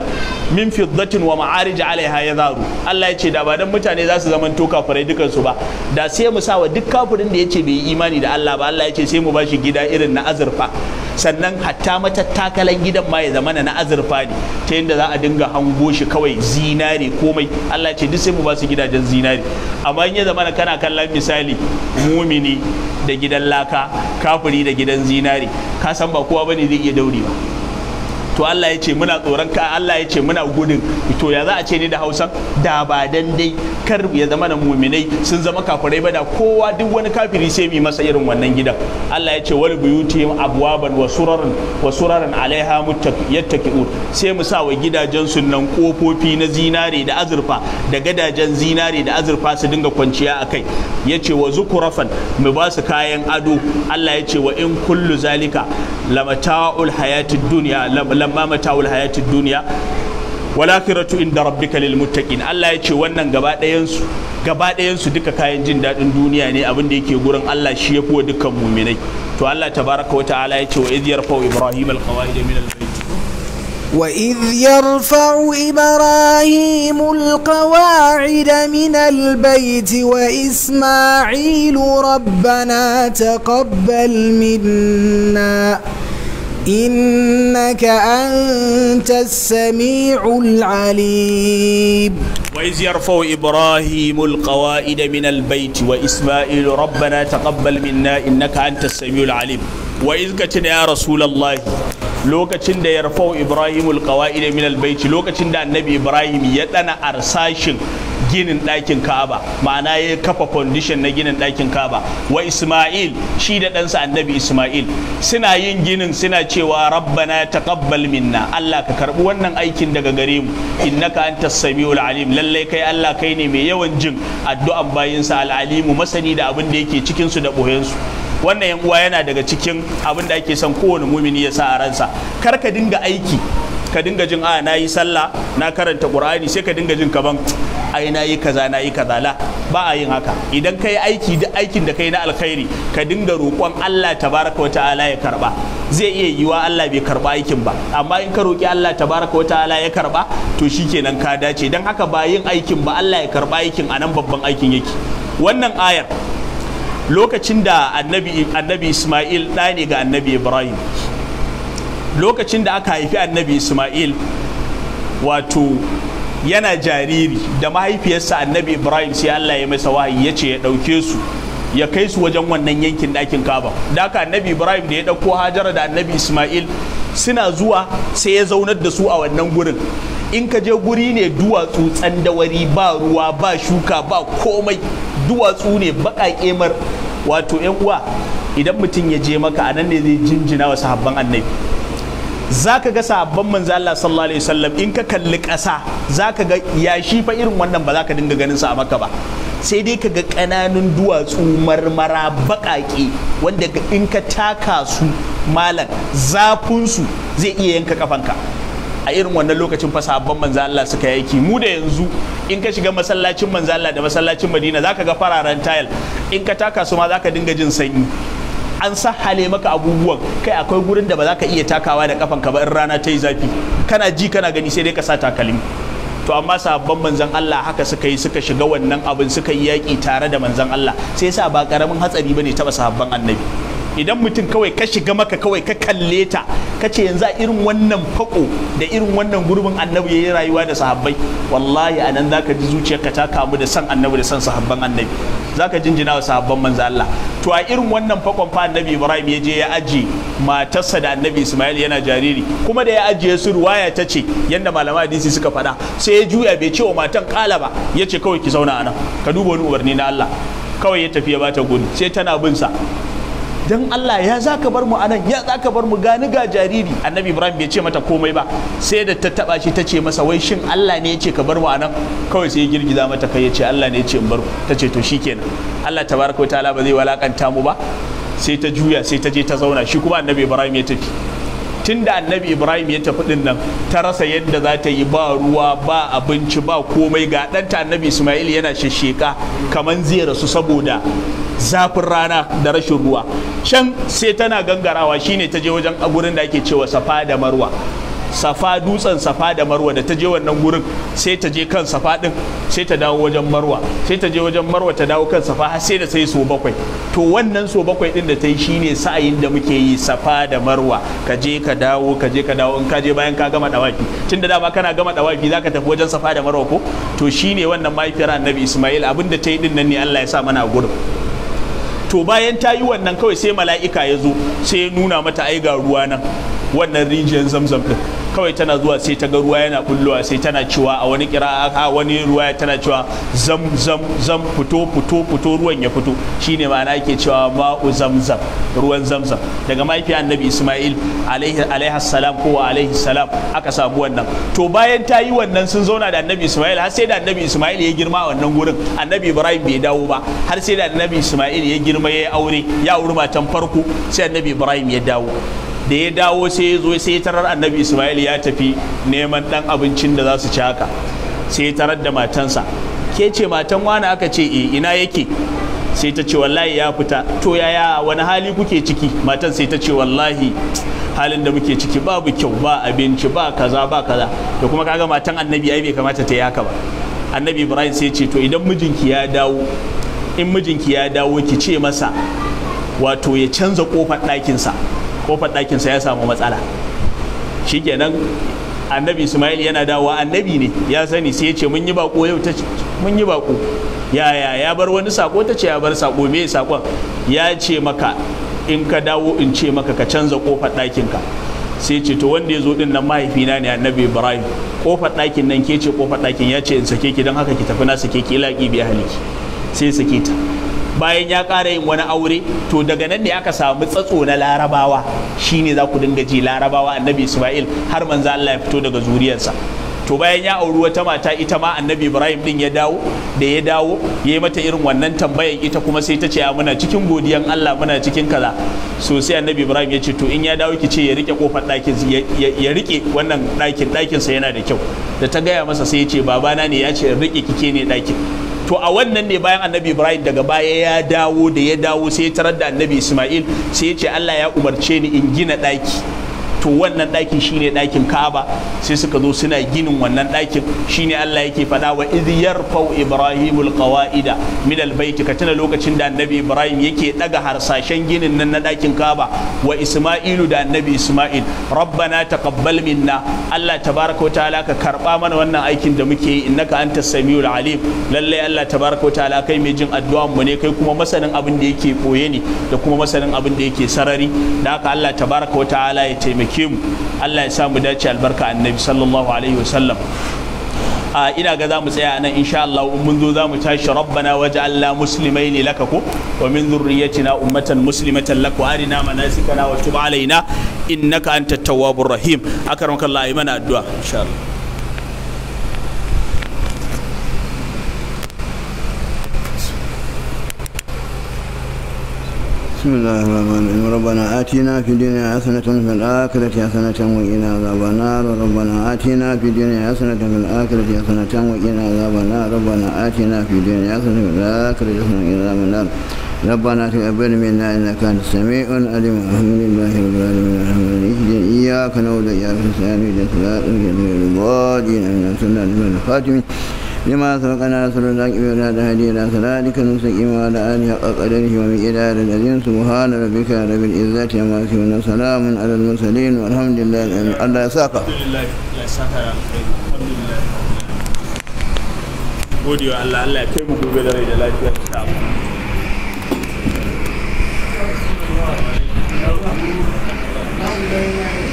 min fiddatin wa ma'arij 'alayha zaru Allah ya ce da ba dan mutane za su zaman toka farai dukan ba da sai mu wa duk kafirin da yace bai imani da Allah ba Allah ya ce sai mu bashi gida irin na azurfa sannan hatta matattakalan gidan ma ya zamana na azurfa ne ta yadda za a dinga hango shi kawai zinare komai Allah ce duk sai mu ba su gidajen zinare amma in ya zamana kana kallon misali mumini da gidan laka kafiri da gidan zinare ka san ba kowa bane zai iya daure ba to Allah ya ce muna tsoron ka Allah ya ce muna gudun to ya za a ce ni da Hausa da ba dan dai kar ya zama na muminai sun zama kafirai ba da kowa duk wani kafiri sai mai masa irin wannan gidan Allah ya ce wal buyuti abwaban wa surarin wa suraran alaiha yattaqiun sai mu sa wa gidajen sunan kofofi na zinare da azurfa da gadajen zinare da azurfa su dinga kwanciya akai ce wa zukurafan mu ba su kayan ado Allah ya ce wa in kullu zalika lamata'ul hayatid dunya wannan ma mata'ul hayatid duniya walakiratu inda rabbika lil Allah ya ce wannan gaba ɗayan su gaba ɗayan su duka kayan jin daɗin duniya ne abin da yake gurin Allah shi ya kuwa dukkan muminai to Allah tabaraka wa ta'ala ya ce wa idh yarfa'u ibrahim al min al bayt وإذ يرفع إبراهيم القواعد من البيت إنك أنت السميع العليم وإذ يرفع إبراهيم القواعد من البيت وإسماعيل ربنا تقبل منا إنك أنت السميع العليم وإذ كتنا يا رسول الله lokacin da ya rafau ibrahimul qawaid min albayt lokacin da annabi ibrahim ya dana arsashin ginin ɗakin kaba ma'ana ya kafa foundation na ginin ɗakin kaba wa Isma'il shi da ɗansa annabi Isma'il suna yin ginin suna cewa rabbana taqabbal minna Allah ka karbi wannan aikin daga gare mu innaka antas samiul alim lallai kai Allah kai ne mai yawan jin addu'an bayinsa al'alimu masani da abin da yake cikin su da boyensu wannan yan uwa yana daga cikin abin da ake son kowane mumini ya sa a ransa kar ka dinga aiki ka dinga jin a ah, na yi sallah na karanta qur'ani sai ka dinga jin kaban ai na yi kaza na yi kaza la ba a yin haka idan ka yi aiki duk aikin da kai na alkhairi ka dinga roƙon Allah tabaraka wa ta'ala ya karba zai iya yiwa Allah bai karba aikin ba amma in ka roƙi Allah tabaraka wa ta'ala ya karba to shikenan ka dace dan haka ba yin aikin ba Allah ya karba aikin anan babban aikin yake wannan ayar lokacin da annabi annabi Ismail ɗa ne ga annabi Ibrahim lokacin da aka haifi annabi Ismail wato yana jariri da mahaifiyarsa annabi ibrahim sai allah ya masa wahayi ya ce ya ɗauke su ya kai su wajen wannan yankin ɗakin kaba da haka annabi ibrahim da ya ɗauko hajara da annabi ismail suna zuwa sai ya zaunar da su a wannan gurin in ka je guri ne duwatsu tsandawari ba ruwa ba shuka ba komai duwatsu ne baƙaƙe mar wato yan uwa idan mutum ya je maka anan ne zai jinjina wa sahabban annabi za ka ga sabon manzo Allah sallallahu alaihi wasallam in ka kalli ƙasa za ka ga yashi fa irin wannan ba za ka dinga ganin sa a maka ba sai dai ka ga ƙananun duwatsu marmara baƙaƙe wanda in ka taka su malam zafinsu zai iya yanka kafanka a irin wannan lokacin fa sabon manzo Allah suka yaki mu da yanzu in ka shiga masallacin manzo Allah da masallacin Madina za ka ga fararen tile in ka taka su ma za ka dinga jin sanyi an sahale maka abubuwan kai akwai gurin da ba za ka iya takawa da kafan ka ba in rana ta yi zafi kana ji kana gani sai dai ka sa takalmi to amma sahabban manzan Allah haka suka yi suka shiga wannan abin suka yi yaƙi tare da manzan Allah sai sa ba ƙaramin hatsari bane taba sahabban annabi idan mutum kawai ka shiga maka kawai ka kalle ta ka ce yanzu a irin wannan faƙo da irin wannan gurbin annabi ya yi rayuwa da sahabbai wallahi a nan zaka ji zuciyarka ta kamu da san annabi da san sahabban annabi zaka jinjina wa sahabban manzo Allah to a irin wannan fakon fa annabi Ibrahim ya je ya aje matarsa da annabi Ismail yana jariri kuma da ya ajiye su ruwaya ta ce yadda malama hadisi suka faɗa sai ya juya bai ce wa matan kala ba ya ce kawai ki zauna a nan ka duba wani umarni na Allah kawai ya tafi ya bata gudu sai tana bin sa dan Allah ya za ka bar mu anan ya za ka bar mu gani ga jariri annabi ibrahim bai ce mata komai ba sai da ta taba shi ta ce masa wai shin Allah ne ya ce ka bar mu anan kawai sai ya girgiza mata kai ya ce Allah ne ya ce in bar ku ta ce to shikenan Allah tabaraka wa ta'ala ba zai walakanta mu ba sai ta juya sai ta je ta zauna shi kuma annabi ibrahim ya tafi tun da annabi ibrahim ya tafi din nan ta rasa yadda za ta yi ba ruwa ba abinci ba komai ga ɗanta annabi ismail yana shesheka kamar zai rasu saboda zafin rana da rashin ruwa can sai tana gangarawa shine ta je wajen gurin da ake cewa safa da marwa safa dutsen safa da marwa da ta je wannan gurin sai ta je kan safa din sai ta dawo wajen marwa sai ta je wajen marwa ta dawo kan safa har sai da sai so bakwai to wannan so bakwai din da ta yi shine sa'ayin da muke yi safa da marwa ka je ka dawo ka je ka dawo in ka je bayan ka gama tun da dama kana gama dawaki zaka tafi wajen safa da marwa ko to shine wannan mahaifiyar annabi Ismail abin da ta yi din nan ne Allah ya sa mana gurin to bayan ta yi wannan kawai sai mala'ika ya zo sai ya nuna mata ai ga ruwa nan wannan rijiyar zamzam din kawai tana zuwa sai ta ga ruwa yana kullowa sai tana cewa a wani kira a wani ruwa tana cewa zam zam fito fito fito ruwan ya fito shine ma'ana ake cewa ma'u zamzam ruwan zamzam daga mafi annabi isma'il alaihi salam ko alaihi salam aka samu wannan to bayan ta yi wannan sun zauna da annabi isma'il har sai da annabi isma'il ya girma a wannan gurin annabi ibrahim bai dawo ba har sai da annabi isma'il ya girma ya yi aure ya auri matan farko sai annabi ibrahim ya dawo da ya dawo sai ya zo sai tarar annabi ismail ya tafi neman dan abincin da za su ci haka sai tarar da matansa ke ce matan wani aka ce e ina yake sai ta ce wallahi ya fita to yaya wani hali kuke ciki matan sai ta ce wallahi halin da muke ciki babu kyau ba abinci ba kaza ba kaza da kuma kaga matan annabi ai bai kamata ta yi haka ba annabi ibrahim sai ce to idan mijinki ya dawo in mijinki ya dawo ki ce masa wato ya canza kofar ɗakinsa kofar ɗakinsa ya samu matsala shikenan annabi ismail yana dawa annabi ne ya sani sai ya ce mun yi bako yau ta mun yi bako ya ya bar wani sako ta ce ya bar sako me sakon ya ce maka in ka dawo in ce maka ka canza kofar ɗakinka. sai ce to wanda ya zo din nan mahaifina ne annabi ibrahim kofar ɗakin nan ke ce kofar ɗakin ya ce in sake ki don haka ki tafi na sake ki ila ki biya haliki sai sake ta bayan ya ƙara yin wani aure to daga nan ne aka samu tsatso na larabawa shine za ku dinga ji larabawa annabi isma'il har manzo Allah ya fito daga zuriyarsa to bayan ya auri wata mata ita ma annabi ibrahim din ya dawo da ya dawo ya yi mata irin wannan tambayan ita kuma sai ta ce a muna cikin godiyan allah muna cikin kaza Sosai annabi ibrahim ya ce to in ya dawo ki ce ya rike kofar ɗakin ya rike wannan ɗakin ɗakin yana da kyau da ta gaya masa sai ya ce babana ne ya ce rike kike ne ɗakin to a wannan ne bayan annabi ibrahim daga baya ya dawo da ya dawo sai ya tarar da annabi isma'il sai ya ce allah ya umarce ni in gina ɗaki to wannan ɗakin shine ɗakin Ka'aba sai suka zo suna ginin wannan ɗakin shine Allah yake faɗa wa idh yarfau ibrahimul qawaida min albayt ka tuna lokacin da annabi Ibrahim yake daga harsashen ginin nan na ɗakin kaba wa Isma'ilu da annabi Isma'il rabbana taqabbal minna Allah tabaraka wa ta'ala ka karba mana wannan aikin da muke yi innaka antas samiul alim lallai Allah tabaraka wa ta'ala kai mai jin addu'an mu ne kai kuma masanin abin da yake boye ne da kuma masanin abin da yake sarari da haka Allah tabaraka wa ta'ala ya taimaki. taimake Allah ya samu dace albarka annabi sallallahu alaihi wasallam a ina ga za mu tsaya nan insha Allah mun zo za mu tashi rabbana waj'alna muslimaini laka ko wa min dhurriyyatina ummatan muslimatan lak wa arina manasikana wa tub alaina innaka antat tawwabur rahim akramaka Allah mana addu'a insha Allah بسم الله الرحمن الرحيم ربنا آتنا في الدنيا حسنة في الآخرة حسنة وقنا عذاب النار ربنا آتنا في الدنيا حسنة في الآخرة حسنة وقنا عذاب النار ربنا آتنا في الدنيا حسنة في الآخرة حسنة وقنا عذاب النار ربنا تقبل منا انك انت السميع العليم الحمد لله رب العالمين الحمد لله اياك نعبد واياك نستعين اهدنا الصراط المستقيم الهادي الى صراط الخاتمين لما سبقنا رسول الله إلى هدي إلى صلاتك نسكم وعلى آله حق قدره ومقدار الذين سبحان ربك رب العزة عما يصفون سلام على المرسلين والحمد لله الله يساك الحمد لله الله يساك الحمد لله ودي wa الله كيف ya kai mu gobe da rai da lafiya insha